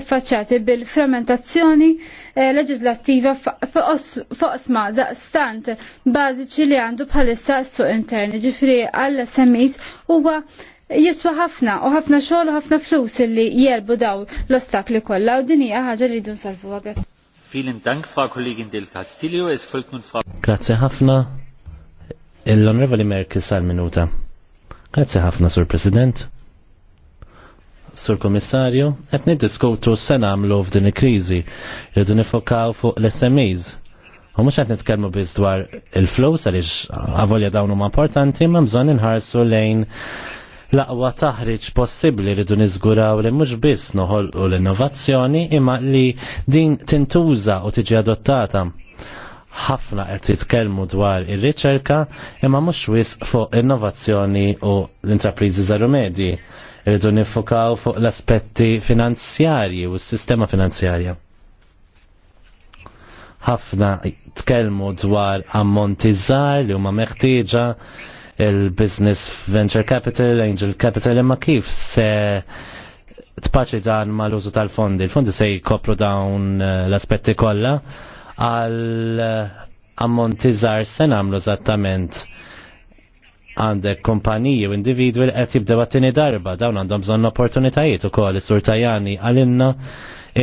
iffaċċati bil-fermentazzjoni eh, leġislattiva foqsma daqstant bażiċi li għandu bħalissa s-suq interni. Ġifieri għall-SMEs huwa jiswa ħafna u ħafna xogħol u ħafna flus illi jerbu daw l-ostakli kollha u din hija ħaġa li jridu nsolvuha grazzi. Vielen Dank, Frau Kollegin Del Castillo. Es folgt nun Frau. Grazie ħafna. l honorable Merkel sal-minuta. Grazie ħafna, Sur President. Sur Komissarju, qed niddiskutu s-sena għamlu f'din il-kriżi, rridu nifokaw fuq l-SMEs. U mhux qed nitkellmu biss dwar il flow għaliex avolja dawn huma importanti, ma bżonn inħarsu lejn l-aqwa taħriġ possibbli ridu niżguraw li mhux biss noħolqu l-innovazzjoni imma li din tintuża u tiġi adottata. Ħafna qed titkellmu dwar ir-riċerka imma mhux wisq fuq innovazzjoni u l-intrapriżi żaru medji. Irridu nifukaw fuq l-aspetti finanzjarji u s-sistema finanzjarja ħafna tkellmu dwar ammonti żgħar li huma meħtieġa il-business venture capital, angel capital, imma kif se tpaċi dan ma l-użu tal-fondi. Il-fondi se jkopru dawn eh, l-aspetti kollha għal eh, ammontizar se nagħmlu zattament għandek kumpaniji u individwi li qed jibdew għattini darba dawn għandhom bżonn opportunitajiet ukoll is-sur Tajani għalinna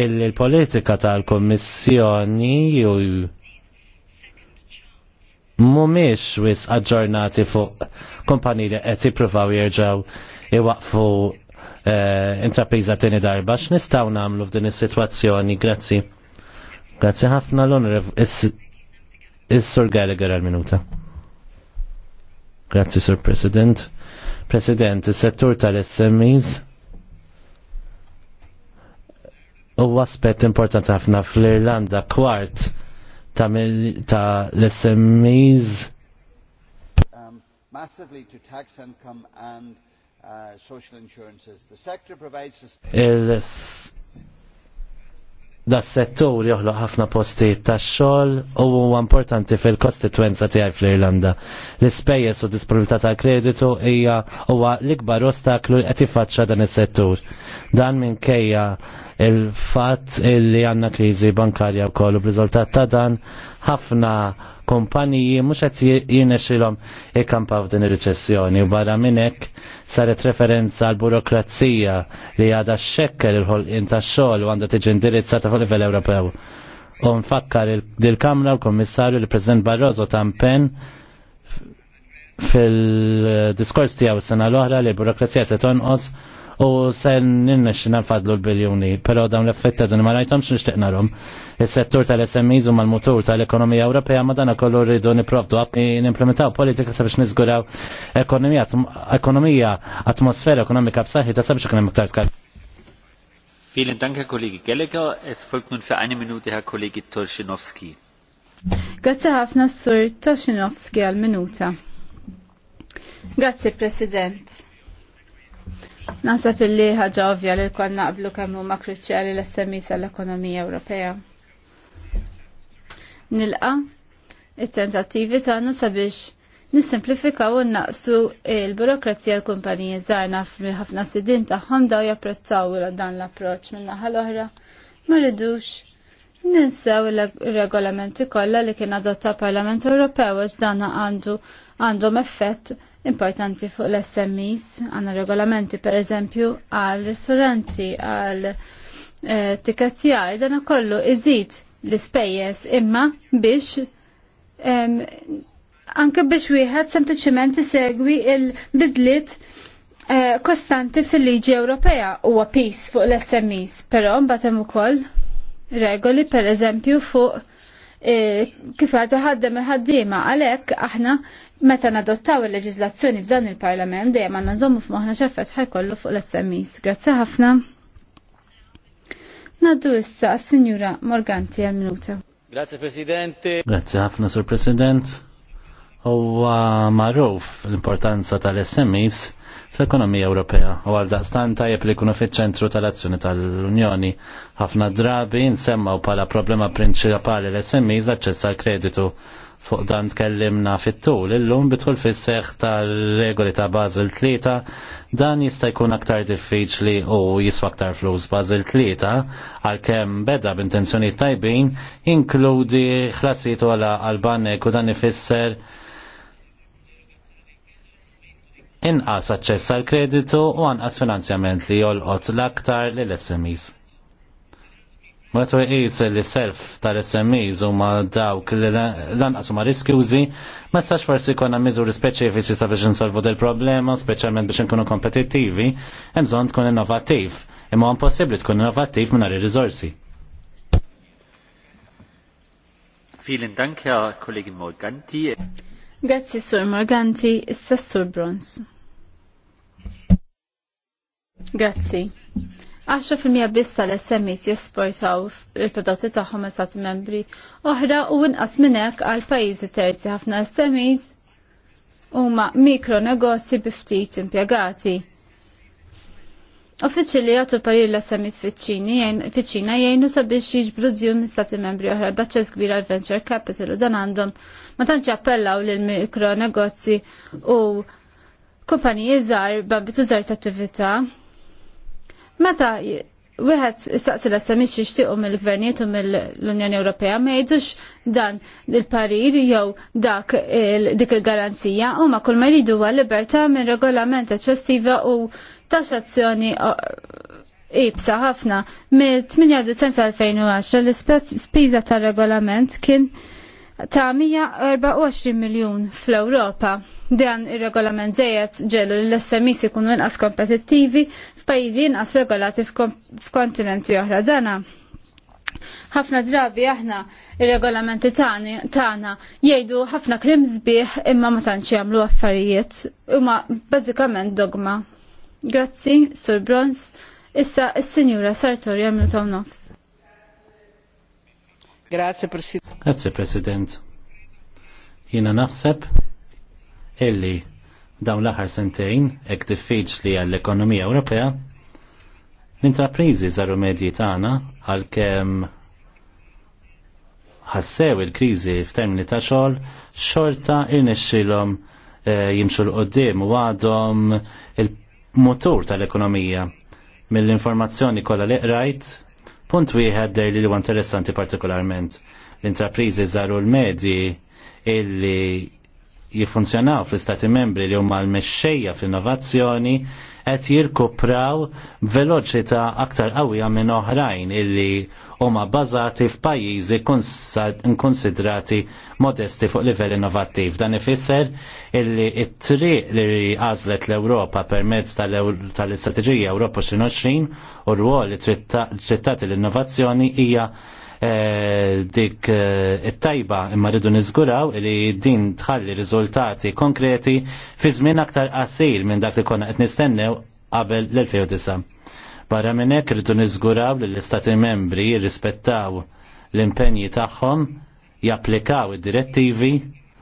il-politika tal-Kommissjoni u mumiex wis aġġornati fuq kumpani li qed jippruvaw jerġgħu iwaqfu eh, intrapriża tieni darba x'nistgħu nagħmlu f'din is-sitwazzjoni grazzi. Grazzi ħafna l-onorev is-Sur Gallagher għal-minuta. Grazzi Sur President. President, is-settur tal-SMEs u aspett importanti ħafna fl-Irlanda kwart ta', l-SMEs. Um, massively to tax income and uh, social insurances. The sector provides... da settur joħloq ħafna postijiet ta' xogħol u huwa importanti fil-kostituenza tiegħi fl-Irlanda. L-ispejjeż u disponibilità tal kreditu hija huwa l-ikbar ostaklu li qed jiffaċċja dan is-settur. Dan minkejja il-fatt li għanna kriżi bankarja u kollu b'riżultat ta' dan ħafna kompaniji mhux qed jinexilhom ikkampaw din ir-riċessjoni u barra minn hekk saret referenza għal burokrazija li għadha xekker il-ħolqien tax-xogħol u għandha tiġi indirizzata fuq livell Ewropew. U nfakkar il-Kamra l-Kommissarju il-President Barroso tampen fil-diskors tiegħu s-sena l ohra li burokrazija se tonqos u sen ninna ninnex fadlu l-biljoni, pero dawn l-effetta dun ma rajtom xin nishtiq narom. Il-settur tal-SMEs u mal-motur tal-ekonomija Ewropea ma dana kollu rridu niprofdu n-implementaw politika sabiex nizguraw ekonomija, atmosfera ekonomika b'saħħi ta' sabiex ekonomik tarskal. Vielen Dank, Herr Kollege Gallagher. Es folgt nun für eine Minute Herr Kollege Tolschinowski. Grazie ħafna s Tolschinowski, al minuta Grazie, Präsident fil-li ħagġa ovvja li kon naqblu kemm huma kruċjali l-SMI għall ekonomija Ewropea. Nilqa it-tentattivi tagħna sabiex nissimplifikaw u naqsu l-burokrazija l-kumpaniji żgħarna ħafna sidin tagħhom daw japprezzaw dan l-approċċ minn naħa l-oħra ma rridux Ninsew il-regolamenti kollha li kien adotta Parlament Ewropew għax dan għandu għandhom effett importanti fuq l-SMEs, għanna regolamenti per eżempju għal ristoranti, għal eh, tikkatjar, dan kollu iżid l-ispejjeż imma biex anke biex wieħed sempliċement isegwi il bidlit eh, kostanti fil-liġi Ewropea huwa għapis fuq l-SMEs, però mbagħad hemm ukoll regoli per eżempju fuq eh, kif għad ħaddem il-ħaddima għalhekk aħna Meta nadottaw il-leġizlazzjoni f'dan il-Parlament dejjem għandna nżommu f'moħħna x'effett ħajkollu fuq l-SMEs. Grazzi ħafna. Naddu issa signura Morganti għal minuta. Grazie Presidente. Grazie ħafna Sur President. Huwa magħruf l-importanza tal-SMEs fl-ekonomija Ewropea u għal daqstan tajjeb li jkunu fiċ-ċentru tal-azzjoni tal-Unjoni. Ħafna drabi nsemmaw bħala problema prinċipali l-SMEs l-aċċess għal kreditu fuq dan tkellimna fit-tul, illum bitħol fis seħħ tal-regoli ta' Basel tlieta, dan jista' jkun aktar diffiċli u jiswa aktar flus Basel tlieta, għalkemm beda b'intenzjonijiet tajbin, inkludi ħlasijiet wala għall banek u dan ifisser inqas aċċess għal kreditu u anqas finanzjament li jolqot l-aktar lill smes Ma twaqis li self tal-SMEs u ma dawk li lanqas u ma riskjużi, ma stax forsi konna miżuri speċifiċi ta' biex insolvu del problema, speċjalment biex nkunu kompetittivi, hemm bżonn tkun innovattiv, imma hemm possibbli tkun innovattiv mingħajr ir-riżorsi. Vielen Dank, Herr Kollege Morganti. Grazzi, Sur Morganti, sessur Sur Brons. Grazzi. 10% biss tal-SMEs jesportaw il-prodotti tagħhom esat membri oħra u inqas minn hekk għal pajjiżi terzi ħafna SMEs huma mikronegozji bi ftit impjegati. Uffiċili għatu parir l-SMEs fiċina jajnu jgħinu sabiex jiġbru djun minn stati membri oħra baċċess kbira l venture capital u dan għandhom ma tantx appellaw lil mikronegozzi u kumpaniji żgħar bambitu żgħar attività Meta wieħed istaqsi l-SMS jixtiequ mill-gvernijiet u mill-Unjoni Ewropea ma jgħidux dan il-parir jew dak dik il-garanzija u ma kull ma jridu huwa libertà minn regolament eċċessiva u taxazzjoni ibsa ħafna mill-8 Deċembru 2010 l-ispiża tar-regolament kien ta' 124 miljon fl-Europa. Dan ir-regolament dejjed ġelu l smis ikunu inqas kompetittivi f'pajjiżi inqas regolati f'kontinenti oħra dana. Ħafna drabi aħna ir-regolamenti tagħna jgħidu ħafna kliem sbieħ imma ma tantx jagħmlu affarijiet huma bażikament dogma. Grazzi, Sur Brons, issa is-Sinjura Sartorja għamlu nofs. Grazie President. Grazie President. Jina naħseb illi dawn l-aħħar sentejn hekk diffiċli għall-ekonomija Ewropea l-intrapriżi żaru medji tagħna għalkemm ħassew il-kriżi f'termini ta' xogħol xorta irnexxilhom e, jimxu l-qoddim u għadhom il motur tal-ekonomija mill-informazzjoni kollha li qrajt Punt wieħed dej li huwa interessanti partikolarment l-intrapriżi żaru l-medji illi jifunzjonaw fl-istati membri li huma l-mexxejja fl-innovazzjoni qed jirkupraw veloċità aktar qawwija minn oħrajn illi huma bbażati f'pajjiżi nkonsidrati modesti fuq livell innovattiv. Dan ifisser illi t-triq li għażlet l-Ewropa permezz tal-Istrateġija Ewropa 2020 u r-rwol li trittati l-innovazzjoni hija Eh, dik eh, it-tajba imma rridu niżguraw li din tħalli riżultati konkreti fi żmien aktar qasir minn dak li konna qed nistennew qabel l-2009. Barra minn hekk rridu niżguraw li l-Istati membri jirrispettaw l-impenji tagħhom, japplikaw id-direttivi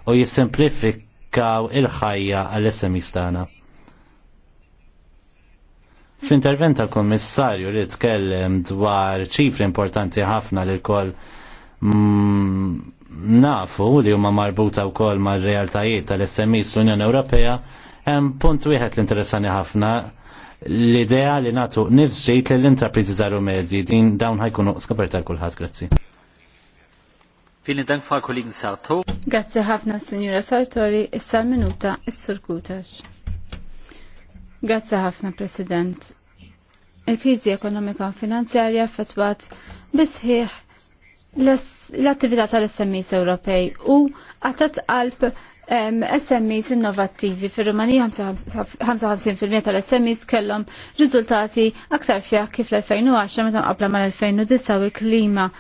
u jissimplifikaw il-ħajja għall-SMI stana. F'intervent tal-Kommissarju li tkellem dwar ċifri importanti ħafna li l-koll mm, nafu li huma marbuta wkoll mar-realtajiet tal-SMIs l-Unjoni Ewropea, hemm punt wieħed li interessani ħafna l-idea li natu nifs li l-intrapriżi żaru medji din dawn ħajkunu skoperta kulħadd grazzi. Vielen Dank, Frau Kollegin Sartori. Grazie ħafna, Signora Sartori. Issa minuta, is-Sur Kutax. Grazzi ħafna, President. Il-kriżi ekonomika u finanzjarja fetwat bisħiħ l-attività tal-SMEs Ewropej u għatat qalb SMEs innovattivi fil-Rumanija 55% tal-SMEs kellhom riżultati aktar fjaħ kif l-2010 meta qabla mal-2009 u klima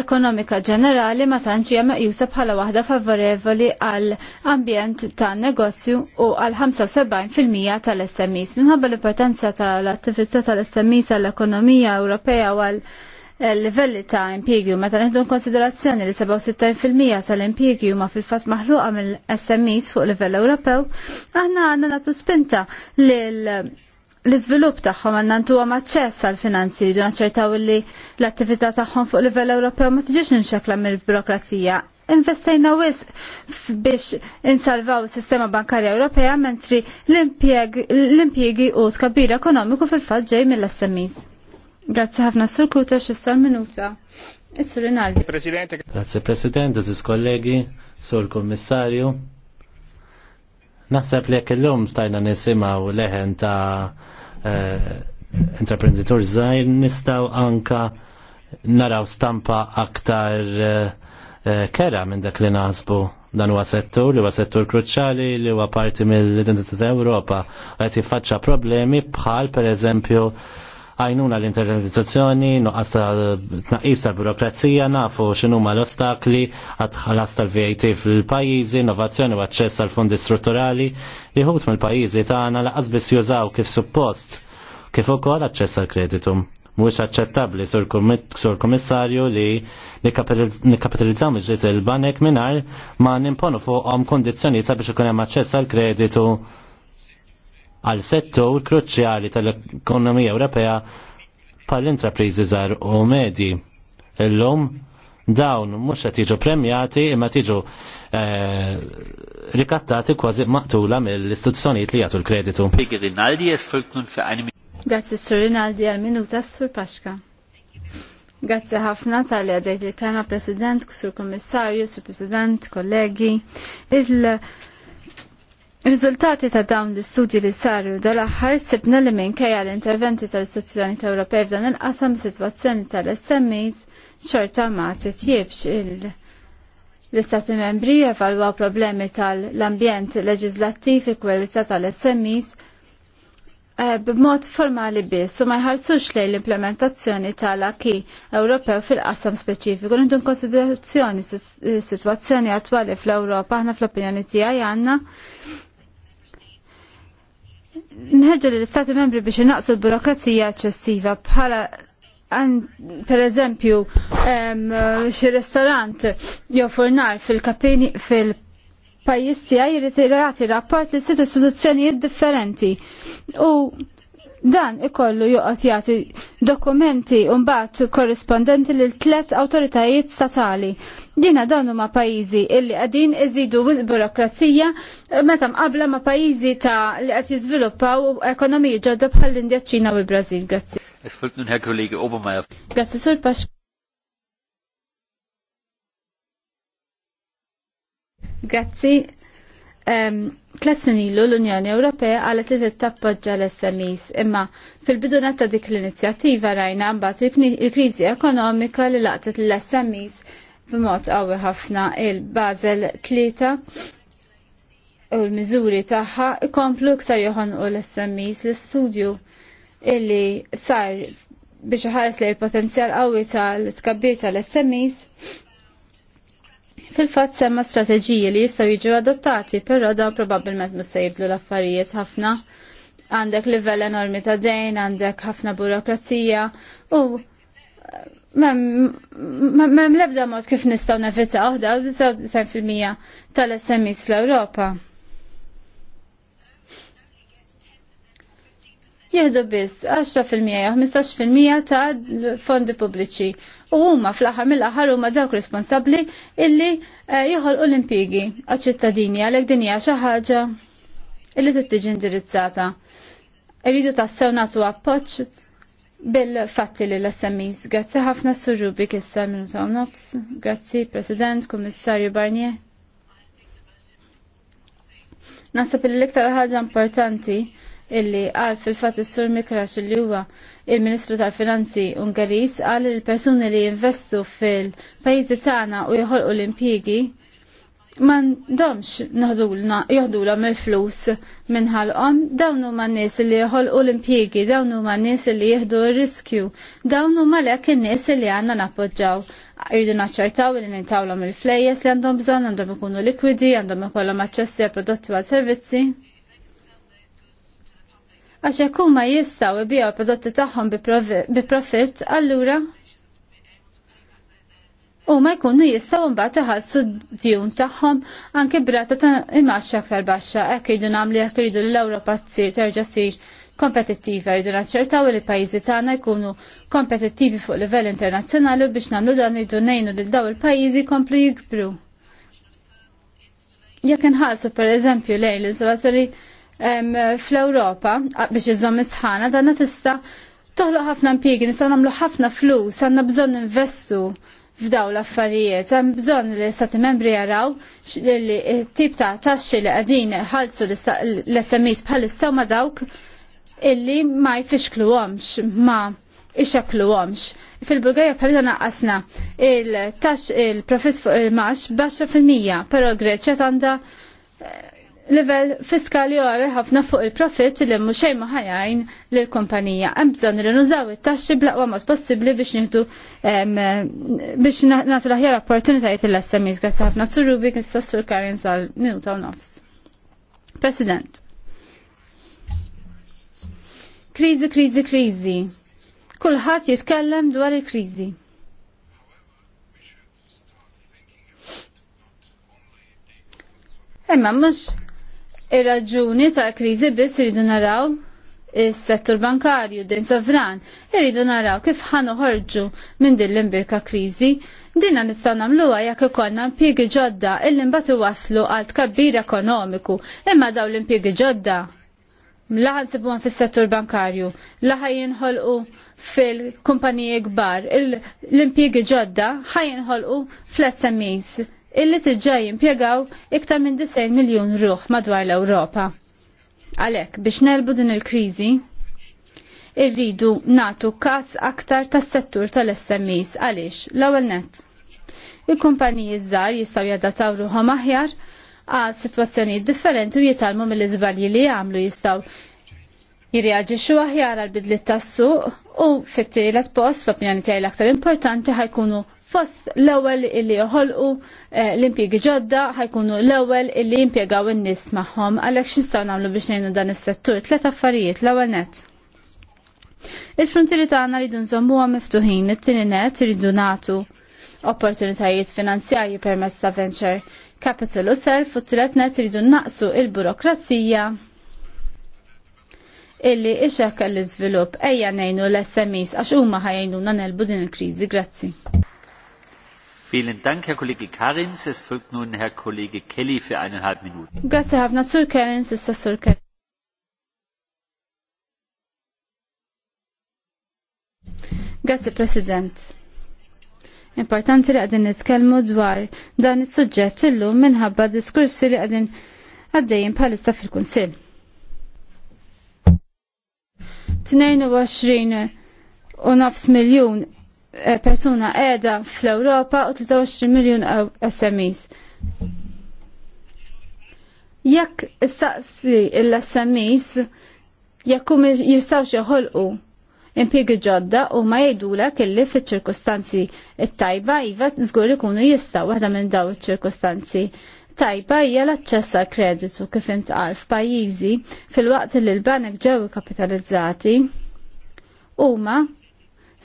ekonomika ġenerali ma tantx hija meqjusa bħala waħda favorevoli għal ambjent tan negozju u għal 75% tal-SMEs. Minħabba l-importanza tal-attività tal-SMEs għall-ekonomija Ewropea u għal eh, livelli ta' impjegi meta neħdu konsiderazzjoni li 67% tal-impjegi huma fil-fatt maħluqa mill-SMEs fuq livell Ewropew, aħna għandna nagħtu spinta lil l-izvilup tagħhom għandna ntuhom aċċess għal finanzi li naċċertaw li l-attività tagħhom fuq livell Ewropew ma tiġix inxekla mill-birokrazija. Investejna wis biex insalvaw is-sistema bankarja Ewropea mentri l-impjegi u skabir ekonomiku fil-fatt ġej mill-SMEs. Grazzi ħafna Sur Kutax issa minuta. is Rinaldi. Presidente. Grazie Presidente, sis kollegi, Sur Kommissarju. Naħseb li jekk illum stajna nisimgħu leħen ta' Eh, entreprenditor żgħir nistgħu anka naraw stampa aktar eh, eh, kera minn dak li nasbu dan huwa settur li huwa settur kruċjali li huwa parti mill-identità ta' Ewropa qed jiffaċċa problemi bħal pereżempju eżempju għajnuna l-internetizzazzjoni, nuqqas tnaqqis l burokrazija nafu x'inhuma l-ostakli, għadħalas tal-VAT fil-pajjiżi, innovazzjoni u aċċess għal fondi strutturali li ħut mill-pajjiżi tagħna laqqas biss jużaw kif suppost kif ukoll aċċess għal kreditu. Mhuwiex aċċettabbli sur kummissarju li nikkapitalizzaw miġġiet il-banek mingħajr ma nimponu fuqhom ta' biex ikun hemm aċċess għal kreditu għal settur kruċjali tal-ekonomija Ewropea pal-intrapriżi żgħar u medji. Illum dawn mhux qed jiġu premjati imma tiġu eh, rikattati kważi maqtula mill-istituzzjonijiet li jagħtu l-kreditu. Grazzi Sur Rinaldi għal minuta Sur Paxka. Grazzi ħafna tal-li għadajt il-kema President, Sur Kommissarju, Sur President, kollegi. Il- Riżultati ta' dawn l-istudji li saru dal-aħħar sibna li minkejja l-interventi tal-istituzzjoni ta' Ewropej f'dan il-qasam sitwazzjoni tal-SMEs xorta ma titjibx il- L-Istati membri evalwaw problemi tal-ambjent leġislattiv il-kwalità tal-SMEs eh, b'mod formali biss u ma jħarsux lejn l-implementazzjoni tal-aki Ewropew fil-qasam speċifiku. Nindu konsiderazzjoni situazzjoni attwali fl-Ewropa aħna fl-opinjoni tiegħi għandna nħedġu li l-Istati membri biex naqsu l-burokrazija eċċessiva bħala per eżempju xi ristorant jew furnar fil-kapini fil pajjiż tiegħi jrid jagħti rapport li sitt istituzzjonijiet differenti. U Dan ikollu joqgħod jagħti dokumenti u mbagħad korrispondenti lil tliet awtoritajiet statali. Dina dawn huma pajjiżi illi qegħdin iżidu burokrazija eh, meta mqabla ma' pajjiżi ta' li qed jiżviluppaw ekonomiji ġodda bħal l-Indja, Ċina u l-Brażil. Grazzi. Grazzi Sur Pax. Grazzi. Tlet snin ilu l-Unjoni Ewropea għalet li tappoġġa l-SMEs, imma fil-bidu ta' dik l-inizjattiva rajna mbagħad il-kriżi ekonomika li laqtet l-SMEs b'mod qawwi ħafna il-Basel tlieta u l-miżuri tagħha ikomplu iktar u l-SMEs l-istudju illi sar biex ħares li l-potenzjal qawwi tal-tkabbir tal-SMEs Fil-fatt semma strateġiji li jistgħu jiġu adottati, però dawn probabbilment mista jibdlu l-affarijiet ħafna. Għandek livell enormi ta' dejn, għandek ħafna burokrazija u eh, Mem lebda mod kif nistaw nefita uħda u 99% tal-SMIs l-Europa. Jihdu biss 10% jew 15% ta' fondi pubbliċi u huma fl-aħħar mill-aħħar huma dawk responsabbli illi eh, joħolqu l-impjigi għaċ-ċittadini għalhekk din hija xi ħaġa illi tittiġi indirizzata. Iridu tassew nagħtu appoġġ bil-fatti li l-SMEs. Grazzi ħafna surrubi kissa minuta u nofs. Grazzi, President, Kummissarju Barnier. Nasab li l-iktar ħaġa importanti illi għal fil fatti is-sur Mikrax li huwa il-Ministru tal-Finanzi Ungaris għal il-persuni li jinvestu fil-pajjiżi tagħna u jħolqu l-impjiegi man domx noħdulna joħdulhom il-flus minħalqhom dawn huma n nis li jħolqu l-impjiegi, dawn huma n li jieħdu r-riskju, dawn huma lek in-nies li għandna nappoġġaw. Irridu naċċertaw li nintawlom il-flejjes li għandhom bżonn, għandhom ikunu likwidi, għandhom ikollhom aċċessi għal prodotti u għal servizzi. Għax jekk huma jistgħu jbiegħu prodotti tagħhom bi profitt, allura huma jkunu jistgħu mbagħad iħallsu djun tagħhom anke brata ta' imaxxa aktar baxxa hekk jridu nagħmlu jekk jridu l-Ewropa tsir terġa' sir kompetittiva rridu naċċertaw li pajjiżi tagħna jkunu kompetittivi fuq livell internazzjonali u biex nagħmlu dan jridu ngħinu lil daw il-pajjiżi jkomplu jikbru. Jekk inħallsu pereżempju lejn l-insolazzjoni fl-Ewropa biex iżomm isħana danna tista' toħloq ħafna impjiegi, nistgħu nagħmlu ħafna flus, għandna bżon investu f'daw l-affarijiet, hemm bżonn li stati membri jaraw li tip ta' taxxi li qegħdin ħalsu l-SMEs bħalissa ma' dawk illi ma għomx, ma' għomx. Fil-Bulgarja bħalissa naqqasna il-tax il-profit fuq il-max baxxa fil-mija, però Greċja għandha eh, level fiskali għara ħafna fuq il-profit li mhux xejn ma ħajajn lill-kumpanija. Hemm bżonn li nużaw it-taxxi blaqwa mod possibbli biex nieħdu biex nagħtu l-aħjar opportunitajiet lill-SMEs grazzi ħafna surrubi Rubik sur Karin sal minuta u nofs. President. Kriżi, kriżi, kriżi. Kulħadd jitkellem dwar il-kriżi. Imma mhux Ir-raġuni ta' kriżi biss iridu naraw is-settur bankarju din sovran, iridu naraw kif ħanoħorġu minn din l-imbirka kriżi. Dinna nistgħu nagħmluha jekk ikollna impjiegi ġodda illi mbagħad iwasslu għal tkabbir ekonomiku, imma dawn l-impjiegi ġodda Laħan nsibuhom fis settur bankarju, laħa jinħolqu fil-kumpaniji kbar, l impjiegi ġodda ħajinħolqu fl-SMEs, illi tiġġa jimpjegaw iktar minn 90 miljun ruħ madwar l-Ewropa. Għalhekk biex nelbu din il-kriżi, irridu natu kas aktar tas-settur tal-SMEs għaliex l-ewwel net. Il-kumpaniji żgħar jistgħu jadattaw ruħhom aħjar għal sitwazzjonijiet differenti u jitalmu mill-iżbalji li jagħmlu jistgħu jirreagġixxu aħjar għal bidlit tas-suq u fit-tielet post l-opinjoni tiegħi l-aktar importanti ħajkunu fost l-ewwel illi joħolqu eh, l-impjiegi ġodda ħajkunu l-ewwel illi jimpjegaw in-nies magħhom għalhekk x'instgħu nagħmlu biex ngħinu dan is-settur tliet affarijiet l-ewwel nett. Il-frontieri tagħna rridu nżommuhom miftuħin, it-tieni net rridu nagħtu opportunitajiet finanzjarji permezz ta' venture capital u self u t-tielet net rridu naqsu il-burokrazija illi ixekkel l-izvilup ejja nejnu l-SMEs għax huma ħajjnuna nelbu din il-kriżi. Grazzi. Vielen Dank, Herr Kollege Karins. Es folgt nun Herr Kollege Kelly für eineinhalb Minuten. Grazie, Herr Sur Karins, ist das Sur Karins. Grazie, President. Importanti li għadin nitkellmu dwar dan is-suġġett illum minħabba diskursi li għadin għaddejjin bħalista fil-Kunsill. 22 u nofs miljon eh, persuna qiegħda fl-Ewropa u 23 miljun eh, SMEs. Jekk istaqsi l-SMEs jekkum jistawx joħolqu impiegi ġodda u ma jgħidulek illi fiċ ċirkustanzi it tajba iva żgur ikunu jistaw, waħda minn daw il ċirkustanzi tajba hija l-aċċess għal kreditu kif intqal f'pajjiżi fil-waqt li l-banek ġew kapitalizzati huma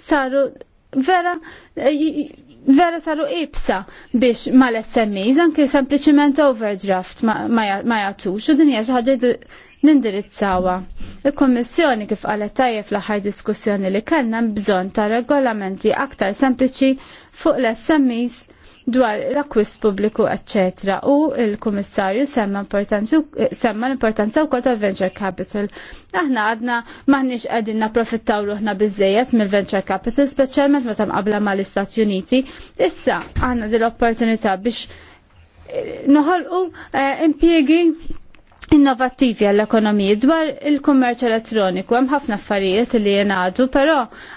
saru vera vera saru ibsa biex mal-SMEs, anke sempliciment overdraft ma, ma jagħtux u din hija xi ħaġa nindirizzawa. Il-Kommissjoni kif qalet tajjeb fl-aħħar diskussjoni li kellna bżonn ta' regolamenti aktar sempliċi fuq l-SMEs dwar l-akwist pubbliku, etc. U il-Kummissarju eh, semma l-importanza wkoll tal-venture capital. Aħna għadna maħniex qegħdin napprofittaw ruħna bizzejet mill-venture capital, speċjalment meta ma mal-Istati Uniti. Issa għandna din l-opportunità biex eh, noħolqu eh, impjiegi innovattivi għall-ekonomiji dwar il-kummerċ elettroniku hemm ħafna affarijiet li jingħadu, però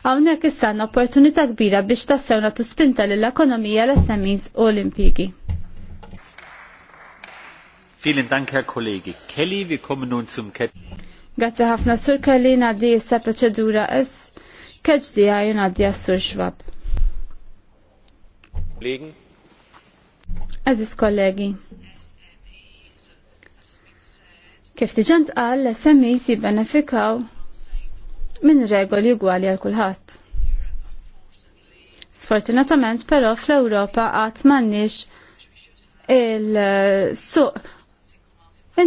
hawnhekk issa għandna opportunità kbira biex tassew nagħtu spinta lill-ekonomija l-SMEs u l Vielen Dank, Herr Kollege Kelly. Wir kommen nun zum Grazie ħafna Sur Kelly nadi issa proċedura S. Keġ di għaj nadi għas-Sur Schwab. Kollegi. Aziz kollegi. Kif tiġant għal l-SMEs jibbenefikaw minn regoli ugwali għal kulħadd. Sfortunatament però fl-Ewropa għat m'għandniex il-suq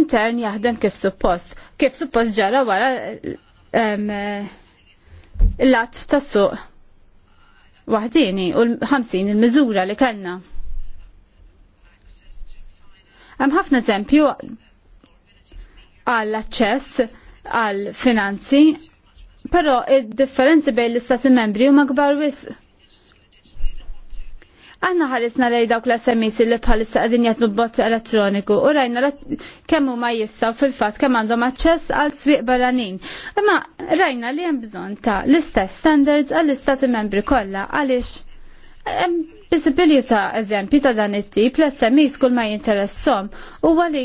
intern jaħdem kif suppost. Kif suppost ġara wara l-att tas suq waħdini u l-50 il-miżura li kellna. Hemm ħafna eżempju għall-aċċess għall finanzi, però id-differenzi bejn l-istati membri huma kbar wisq. Għanna ħarisna lej dawk l sms li bħalissa għadin jatnu bot elettroniku u rajna kemmu ma jistaw fil-fat kemm għandhom aċċess għal swieq barranin. Ma rajna li hemm bżonn ta' l-istess standards għall-istati membri kollha għaliex ta' eżempju ta' dan it-tip l-SMEs kull ma jinteressom u għali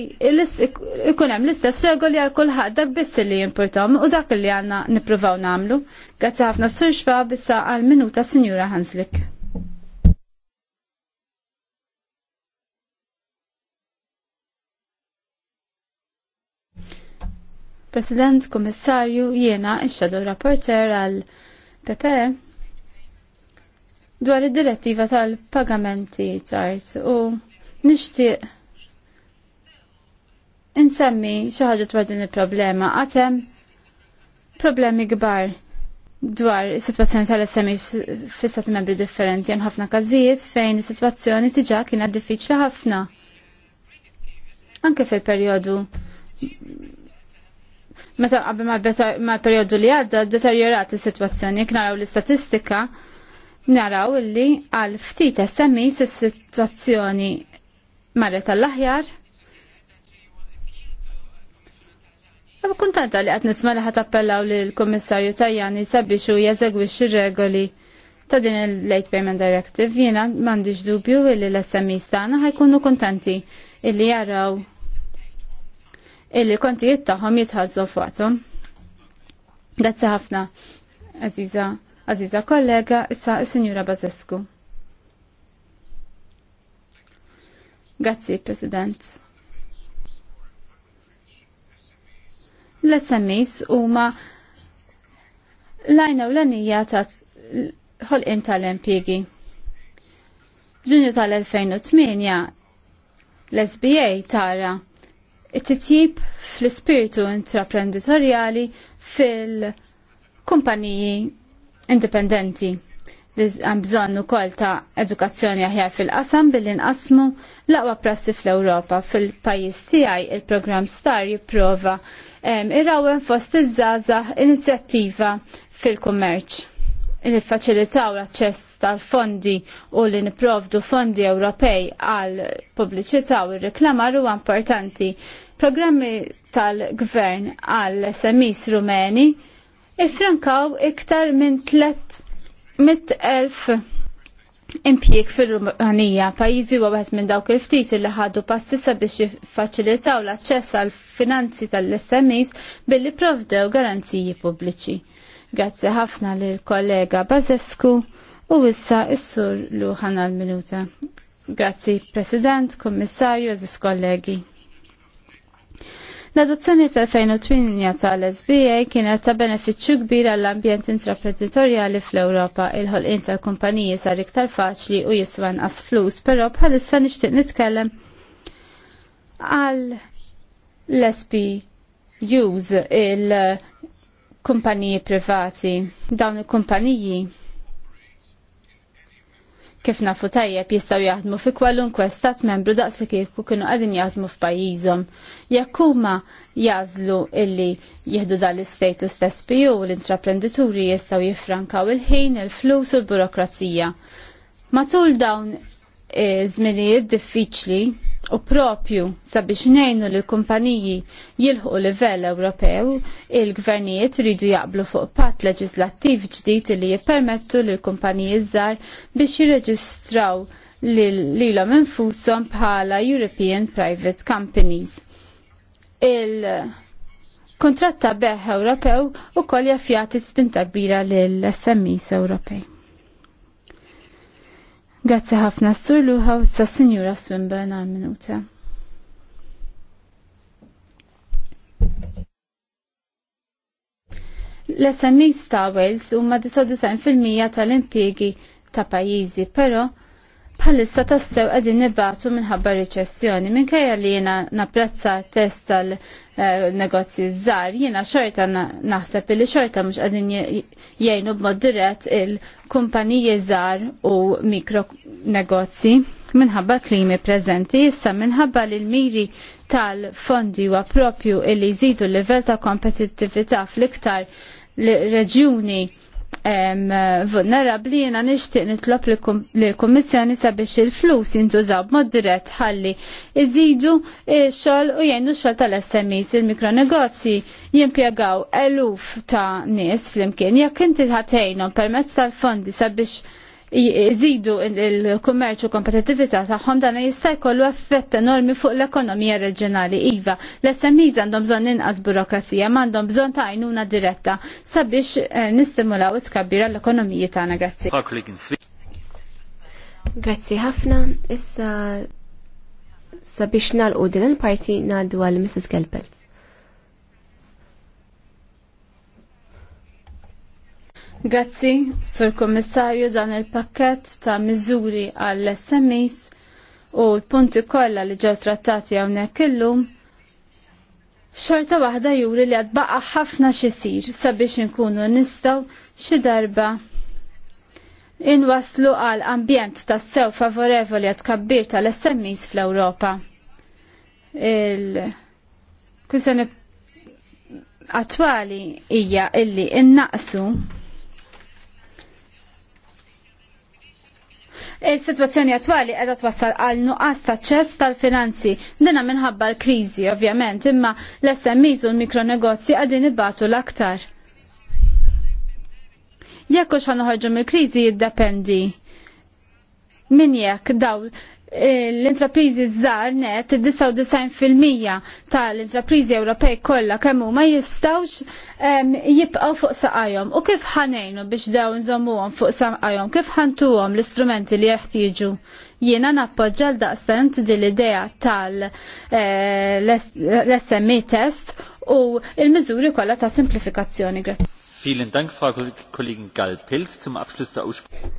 ikun hemm l-istess regoli għal kulħadd dak biss li jimportom u dak li għandna nippruvaw nagħmlu. Grazzi ħafna s-sunxfa bissa għal minuta Sinjura Hanslik. President, Komissarju, jiena ix-Shadow Rapporter għal PPE dwar id-direttiva tal-pagamenti tard u nixtieq insemmi xi ħaġa dwar din il-problema għatem problemi kbar dwar is-sitwazzjoni tal-SMI stati membri differenti hemm ħafna każijiet fejn is-sitwazzjoni diġà kienet diffiċli ħafna. Anke fil-perjodu meta qabel mal-perjodu li għadda deteriorat is-sitwazzjoni jekk naraw l-istatistika naraw illi għal ftit SMI is situazzjoni marret tal-aħjar. Għabu kuntanta li għat nisma li ħat appellaw li l-Komissarju Tajani sabiex u jeżegwix ir-regoli ta' din il-Late Payment Directive. Jena mandiġ dubju li l-SMI tagħna ħajkunu kuntenti illi jaraw illi konti tagħhom jitħallsu f'waqthom. Grazzi ħafna, Aziza Aziza kollega, issa Signora Bazescu. Grazzi, President. l u huma lajna u l-anija ta' ħolqin tal impiegi Ġunju tal-2008 l-SBA tara it-titjib fl-spiritu intraprenditorjali fil-kumpaniji indipendenti. Għan bżonnu kol ta' edukazzjoni aħjar fil-qasam billi nqasmu laqwa prassi fl-Ewropa. Fil-pajis tiegħi il-programm Star jipprova irrawen fost iż-żgħażagħ inizjattiva fil-kummerċ li faċilitaw l-aċċess tal-fondi u li niprovdu fondi Ewropej għal pubbliċità u r-reklamar huwa importanti. Programmi tal-gvern għal SMIs rumeni ifrankaw iktar minn 300.000 impjieg fil-Rumanija, pajjiżi u wieħed minn dawk il-ftit li ħadu passissa biex jiffaċilitaw l-aċċess għal finanzi tal-SMEs billi provdew garanziji pubbliċi. Grazzi ħafna lil kollega Bazescu u issa issur Luħan għal-minuta. Grazzi President, Kommissarju, eżis kollegi. L-adozzjoni fl-2008 tal-SBA kienet ta' benefiċċju kbir għall-ambjent intraprenditorjali fl-Ewropa il-ħolqien tal-kumpaniji sar iktar faċli u jiswan as flus, però bħalissa nixtieq nitkellem għal l-SBUs il-kumpaniji privati. Dawn il-kumpaniji kif nafu tajjeb jistaw jaħdmu fi kwalunkwe stat membru daqsi kieku kienu għadin jaħdmu f'pajjiżhom. Jekk huma jażlu illi jieħdu dal l-istatus SPU l-intraprendituri jistaw jiffrankaw il-ħin, il-flus u l-burokrazija. Matul dawn eh, żminijiet diffiċli u propju sabiex nejnu li kumpaniji jilħu livell Ewropew, il-gvernijiet ridu jaqblu fuq pat leġislattiv ġdid li jippermettu li kumpaniji żgħar biex jirreġistraw lilhom infushom bħala European Private Companies. Il kontratta beħ Ewropew u koll jaffjati spinta kbira lill SMEs Ewropej. Grazzi ħafna sur luħa sa sinjura Swinburne għal minuta. L-SMEs ta' Wales huma 99% tal impjiegi ta' pajjiżi, però bħalissa tassew għadin nibbatu minħabba riċessjoni. Minkajja li jena napprezza test tal-negozji eh, zzar, jena xorta naħseb li xorta mux għadin jgħinu b'mod dirett il-kumpaniji zzar u mikronegozji minħabba klimi prezenti, issa minħabba li l-miri tal-fondi huwa propju li jżidu l-livell ta' kompetittività fl-iktar reġjuni vulnerabli jena nishtiq nitlob l-Kommissjoni sabiex il-flus jintużaw b'mod dirett ħalli iżidu xol u jgħinu xol tal-SMEs il-mikronegozji jimpjegaw eluf ta' nies fl-imkien jekk inti ħatejnhom permezz tal-fondi sabiex jizidu il-kummerċ u kompetittività tagħhom dan jista' jkollu effett enormi fuq l-ekonomija reġjonali iva. L-SMEs għandhom bżonn inqas burokrazija, ma għandhom bżonn ta' għajnuna diretta sabiex eh, nistimulaw it-tkabbira l-ekonomiji tagħna. Grazzi. Grazzi ħafna. Issa sabiex nalqu din il-parti ngħaddu għal Mrs. Gelbelt. Grazzi, Sur Kommissarju, dan il-pakket ta' miżuri għall-SMEs u l-punti kollha li ġew trattati hawnhekk illum xorta waħda juri li għadbaqa ħafna xisir sabiex nkunu nistaw xi darba inwaslu għal ambjent tas sew favorevoli għad kabbir tal-SMIs fl-Europa. Il-kusen attwali hija illi innaqsu Il-situazzjoni attwali qiegħda twassal għal nuqqas ta' ċess tal-finanzi. Dina minħabba l-kriżi ovvjament, imma l smis u l-mikronegozji għadin ibatu l-aktar. Jekk hux ħanoħorġu mill-kriżi jiddependi. Min jekk dawl Eh, l intrapriżi żgħar net 99% tal intrapriżi Ewropej kollha kemm huma jistgħux ehm, jibqgħu fuq saqajhom. U kif ħanejnu biex dew nżommuhom fuq saqajhom? Kif ħantuhom l-istrumenti li jeħtieġu? jiena nappoġġa l-daqstant dil-idea tal-SME eh, test u il-mizuri kollha ta' simplifikazzjoni. Vielen Dank, Frau Kollegin Galpilz, pilz zum Abschluss der Aussprache.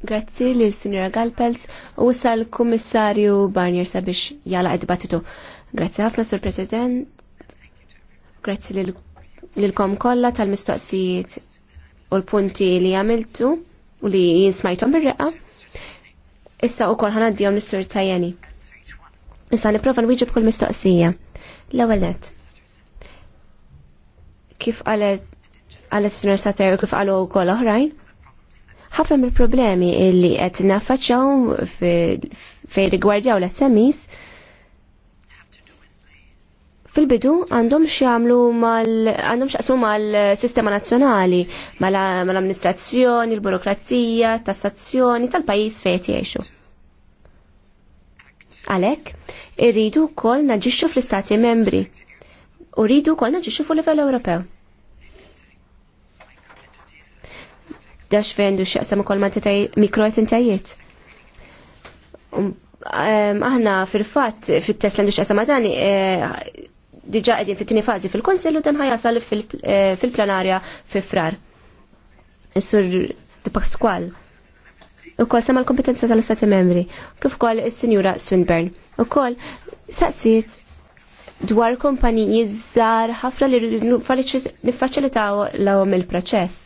Grazzi li l-Sinjora Galpels u issa l-Kummissarju Barnier sabiex jala id-dibattitu. Grazzi ħafna sur President. Grazzi lilkom kollha tal-mistoqsijiet u l-punti li għamiltu u li jinsmajtom bil reqqa Issa u kol ħanaddijom l-sur tajani. Issa niprofa nwiġib kull mistoqsija. L-ewwel Kif qalet għalet s-sinur Sater u kif għalu u kol oħrajn? ħafna mill-problemi li qed naffaċċaw fejn rigwardjaw l-SMEs fil-bidu għandhom x'jagħmlu mal għandhom x'aqsmu mal-sistema nazzjonali, mal-amministrazzjoni, l-burokrazija, tassazzjoni tal-pajjiż fejn jgħixu. Għalhekk, irridu wkoll naġixxu fl-istati membri u rridu wkoll naġixxu fuq livell Ewropew. dax fejn du xaqsam ukoll ma mikroetintajiet. Um, um, aħna fil-fatt fit-test l-għandu xaqsam għadani eh, diġa qegħdin fit-tieni fażi fil-Konsill u dan ħajasal fil eh, planarja fi frar. Is-sur di Pasqual. U kol sama l-kompetenza tal-Istati membri. Kif kol is-Sinjura Swinburn. U kol saqsiet dwar kompanijiet żgħar ħafna li niffaċilitaw l-għom il-proċess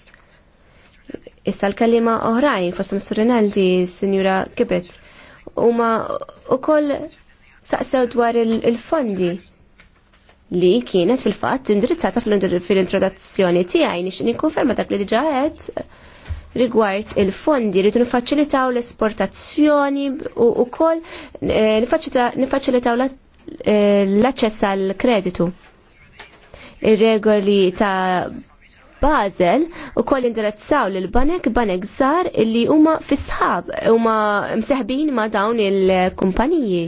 Issa l-kalima oħrajn fostum Surinaldi, Sinjura Kibet, u ma u koll saqsew dwar il-fondi li kienet fil-fat indirizzata fil-introduzzjoni tiegħi nix nikkonferma dak li diġa rigward il-fondi rridu nifacilitaw l-esportazzjoni u koll eh, nifacilitaw eh, l-aċċess għall kreditu Ir-regoli ta' Basel u koll indirizzaw lil banek banek zar illi huma fisħab huma mseħbin ma' dawn il-kumpaniji.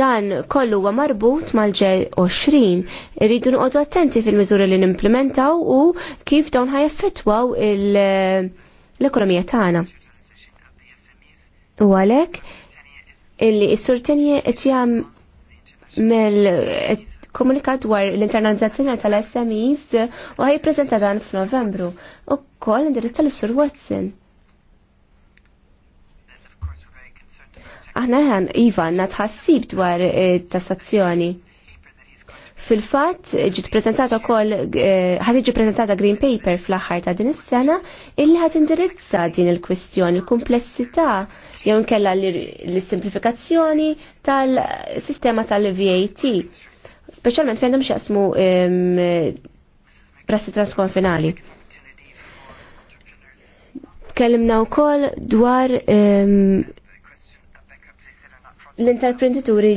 Dan kollu huwa marbut mal-G20. Irridu noqogħdu attenti fil-miżuri li nimplementaw u kif dawn ħajaffettwaw l-ekonomija tagħna. U għalhekk illi s-surtenje qed jagħmel komunikat dwar l-internalizzazzjoni tal-SMEs u għaj prezenta dan f'Novembru. U kol indirizza tal sur Watson. Aħna ħan Iva natħassib dwar eh, tassazzjoni. Fil-fatt, ġit prezentata kol, eh, ħad ġi prezentata Green Paper fl-axar ta' din is-sena, illi ħad indirizza din il-kwistjoni, il-komplessità, jew nkella l-simplifikazzjoni tal-sistema tal-VAT specialment fejn xasmu prassi transkonfinali. Tkellimna wkoll dwar l-interprenditori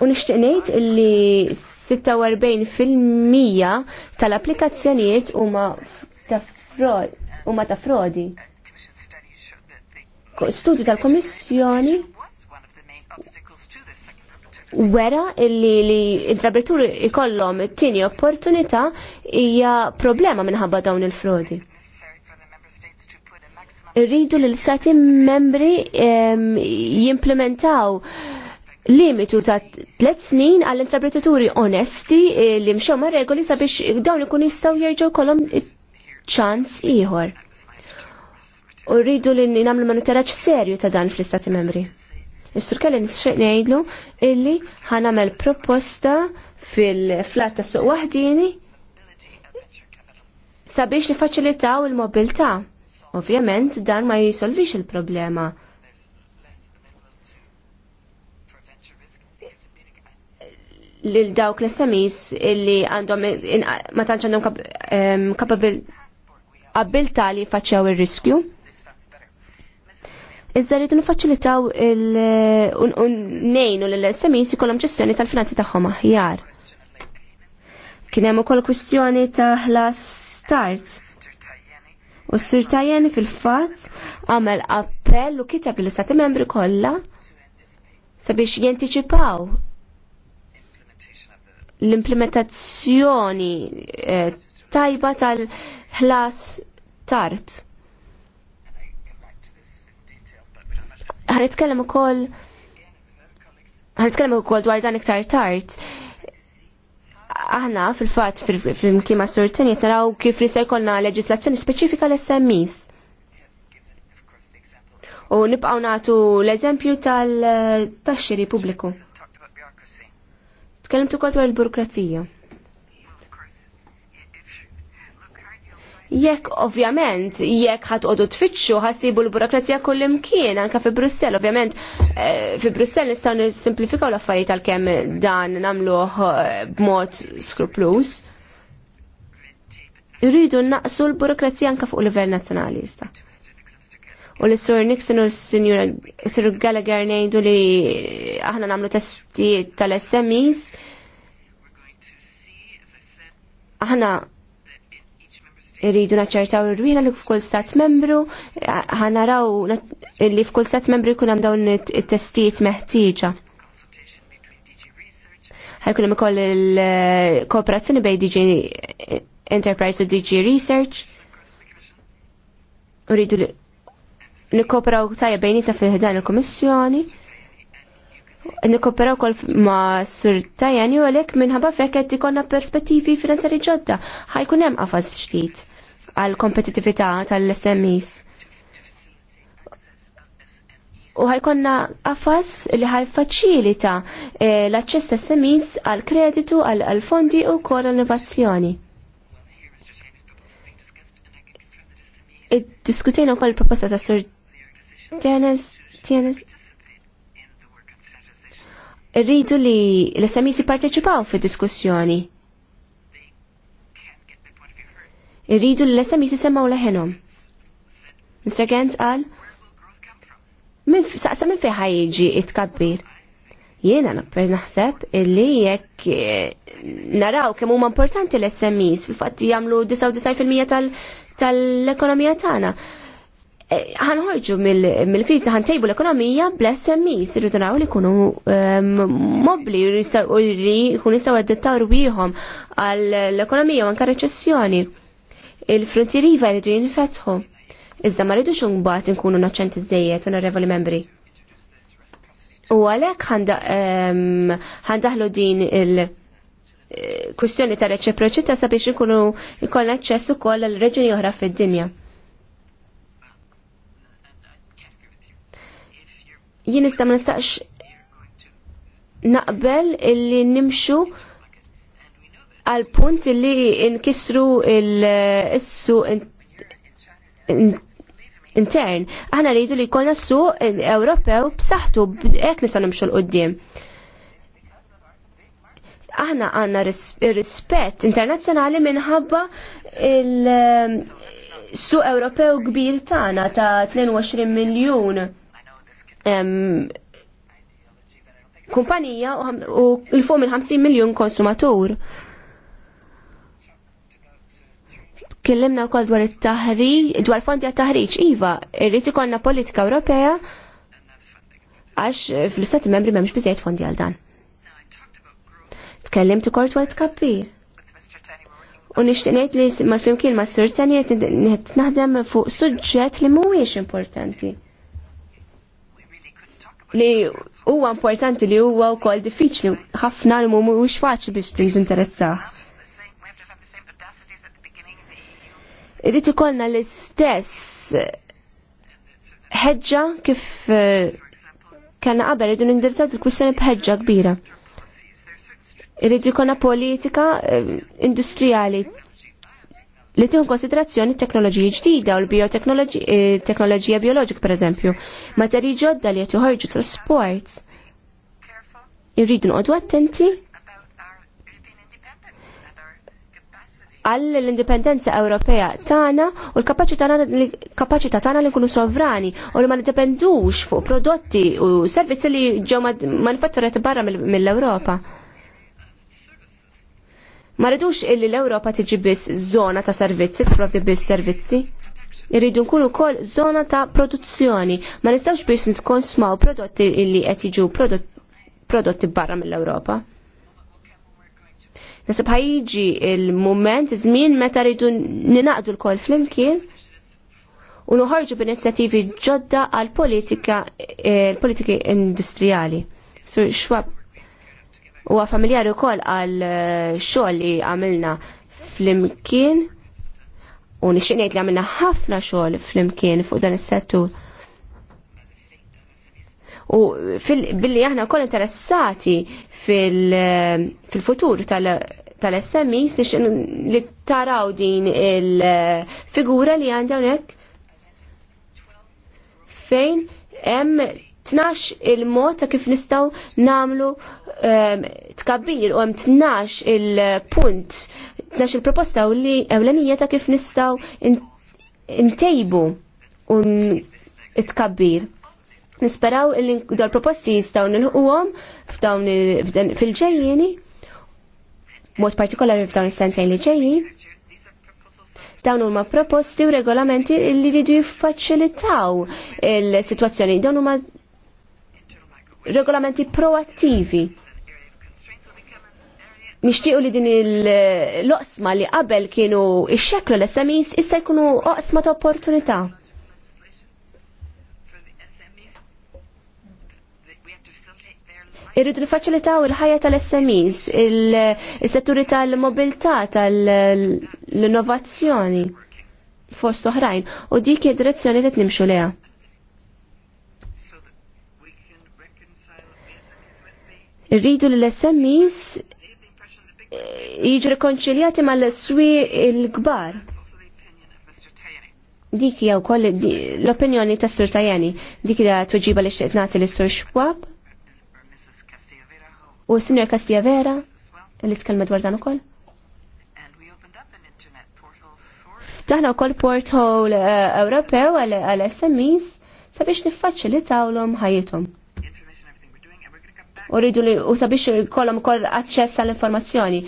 U nixtieq ngħid illi 46% tal-applikazzjonijiet huma ta' frodi. Studju tal-Kommissjoni wera illi li intraberturi ikollhom it-tieni opportunità hija problema minħabba dawn il-frodi. Irridu li l-stati membri jimplementaw limitu ta' tliet snin għall intrapretaturi onesti eh, li mxew ma' regoli sabiex dawn ikun jistgħu jerġgħu kolom ċans ieħor. U rridu li nagħmlu monitoraġġ serju ta' dan fl-istati membri is Kelly nixtieq ngħidlu illi ħanamel proposta fil-flat ta' suq waħdini sabiex nifaċilitaw il mobilta Ovvjament dan ma jisolvix il-problema. lil dawk l-SMEs illi għandhom ma tantx għandhom kapabil abilta li faċċew ir-riskju. Iżda rridu nifaċilitaw il-nejnu l-SMEs ikollhom ġestjoni tal-finanzi tagħhom aħjar. Kien hemm ukoll kwistjoni ta' ħlas start. U s-sur fil-fatt għamel appell u kitab l istati membri kollha sabiex jentiċipaw? l-implementazzjoni eh, tajba tal-ħlas tard. Ħan ukoll ħan ukoll dwar dan iktar tard. Aħna fil-fatt fil-mkien ma' surtin jitnaraw kif li se jkollna leġislazzjoni speċifika l-SMEs. U nibqgħu nagħtu l-eżempju tal-xiri pubbliku. Tkellimt ukoll dwar il-burokrazija. Jekk ovvjament, jekk ħat għodu tfittxu, ħasibu l-burokrazija kullimkien anke anka fi Brussel, ovvjament, eh, fi Brussel nistaw nisimplifikaw l-affarijiet għalkemm kem dan namluħ eh, b'mod skruplus. Rridu naqsu l-burokrazija anka fuq livell nazzjonali jista. U l-Sur Nixon u l-Sur Gallagher nejdu li aħna namlu testi tal-SMEs. Aħna irridu naċċertaw ir-rwina li f'kull stat membru, ħanaraw li f'kull stat membru jkun hemm dawn it-testijiet meħtieġa. Ħajkun hemm ukoll il-kooperazzjoni bejn DG Enterprise u DG Research. Uridu nikkooperaw tajja bejnita fil-ħdan il-Kummissjoni nikoperaw kol ma sur jani u għalek minħabba fekk qed ikonna perspettivi finanzjari ġodda ħajkun hemm qafas ġdid għal kompetitività tal-SMEs. U ħajkonna qafas li ħajfaċilita eh, l-aċċess ta' SMEs għal kreditu għal fondi u kol innovazzjoni. Id-diskutejna kol proposta ta' sur Tienes, tienes, rridu li l-SMIs jipparteċipaw fi diskussjoni. Irridu li l-SMIs semmaw leħenom. Mr. Gens qal, min saqsa minn fejn ħajġi it-kabbir. Jiena napper naħseb illi jekk eh, naraw kemm huma importanti l-SMIs fil-fatt jagħmlu 99% tal-ekonomija tagħna ħanħorġu mill-kriżi ħantejbu l-ekonomija bl s irridu naraw li jkunu ehm, mobli u li jkunu jistgħu adattaw rwieħhom għall-ekonomija u anke reċessjoni. Il-frontieri iva jridu jinfetħu. Iżda ma rridux imbagħad inkunu naċċenti żejjed u narrevoli membri. U għalhekk ehm, ħandaħlu din il- eh, kwistjoni ta' reċiproċità sabiex ikunu jkollna aċċess ukoll għall reġuni oħra fid-dinja. jien nista' ma nistax naqbel illi nimxu għal punt illi nkissru il-issu intern. Aħna rridu li jkollna su Ewropew b'saħħtu hekk nista' nimxu l qudiem Aħna għandna rispett internazzjonali minħabba il-suq Ewropew kbir tagħna ta' 22 miljun kumpanija u l fum il 50 miljon konsumatur. Tkellimna wkoll dwar it-taħriġ, dwar fondi għat-taħriġ, iva, irrid ikollna politika Ewropea għax fl-istati membri m'hemmx biżejjed fondi għal dan. Tkellimt ukoll dwar tkabbir. U nixtieq ngħid li mal-flimkien ma' Sur Tani qed naħdem fuq suġġett li mhuwiex importanti li huwa importanti li huwa wkoll diffiċli ħafna li mhumiex faċli biex tinteressah. Irid ikollna l-istess ħeġġa kif eh, kellna qabel irridu nindirizzat il-kwistjoni b'ħeġġa kbira. Irid ikollna politika eh, industrijali li tieħu konsiderazzjoni teknoloġiji ġdida u l-bioteknoloġija eh, bioloġik pereżempju, materji ġodda li qed joħorġu tal-sport, Irridu nqogħdu attenti għall l-indipendenza Ewropea tagħna u l-kapaċità tagħna li nkunu sovrani u li ma nidependux fuq prodotti u servizzi li ġew manifatturet barra mill-Ewropa. Mil Ma rridux illi l-Ewropa tiġi biss zona ta' servizzi, tipprovdi biss servizzi. Irridu nkunu wkoll zona ta' produzzjoni. Ma nistgħux biex nkonsmaw prodotti illi qed jiġu prodotti barra mill-Ewropa. Nasib ħajġi il-moment, żmien meta rridu ninaqdu l-kol flimkien u nħarġu b'inizjattivi ġodda għal politika, eh, politiki industrijali. Sur xwab huwa familjari wkoll għal eh, xogħol li għamilna fl-imkien u nixtieq ngħid li għamilna ħafna xogħol fl-imkien fuq dan is-settur. U billi aħna wkoll interessati eh, fil-futur tal tal li taraw din il-figura li għandawnek fejn hemm Tnax il-mod ta' kif nistaw namlu ehm, tkabbir u għem tnax il-punt, tnax il-proposta u li ewlenija ta' kif nistaw intejbu u tkabbir. Nisperaw li dal-proposti jistaw nilħuqhom f'dawn fil-ġejjieni, mod partikolari f'dawn is-sentejn li ġejjin dawn huma proposti u regolamenti li jridu jiffaċilitaw il-sitwazzjoni. Dawn huma regolamenti proattivi nishtiqu li din il-loqsma li qabel kienu ix l-SMEs issa jkunu oqsma ta' opportunità. Irridu nifaċilitaw il-ħajja tal-SMEs, il-setturi tal-mobilità, tal-innovazzjoni fost oħrajn u dik id-direzzjoni li t-nimxu leha. Rridu li l eh, jiġri konċiljati ma mal-swi il-kbar. Dik jew koll l-opinjoni ta' Sur Tajani, dik da tuġiba li xtiqt nagħti lis-Sur Xwab u Sinjor Castilla Vera li tkellma dwar dan ukoll. Ftaħna wkoll portal eh, Ewropew għal SMEs sabiex niffaċilitawlhom ħajjithom. Uridu li u sabiex kollom kol aċċess għall-informazzjoni.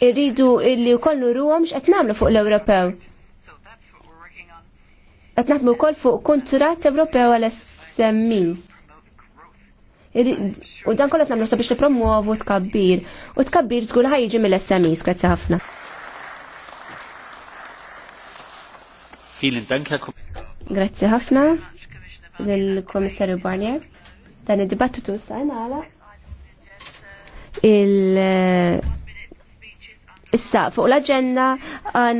Irridu illi kollu ruhom x'qed nagħmlu fuq l-Ewropew. Qed naħdmu wkoll fuq kuntratt Ewropew għal SMEs. U dan kollha nagħmlu sabiex nippromuovu tkabbir. U tkabbir tkun ħajġi mill-SMEs, grazzi ħafna. Grazzi Grazie ħafna, lill-Komissarju Barnier. Dan id-dibattitu sajna għala. il issa fuq l agenda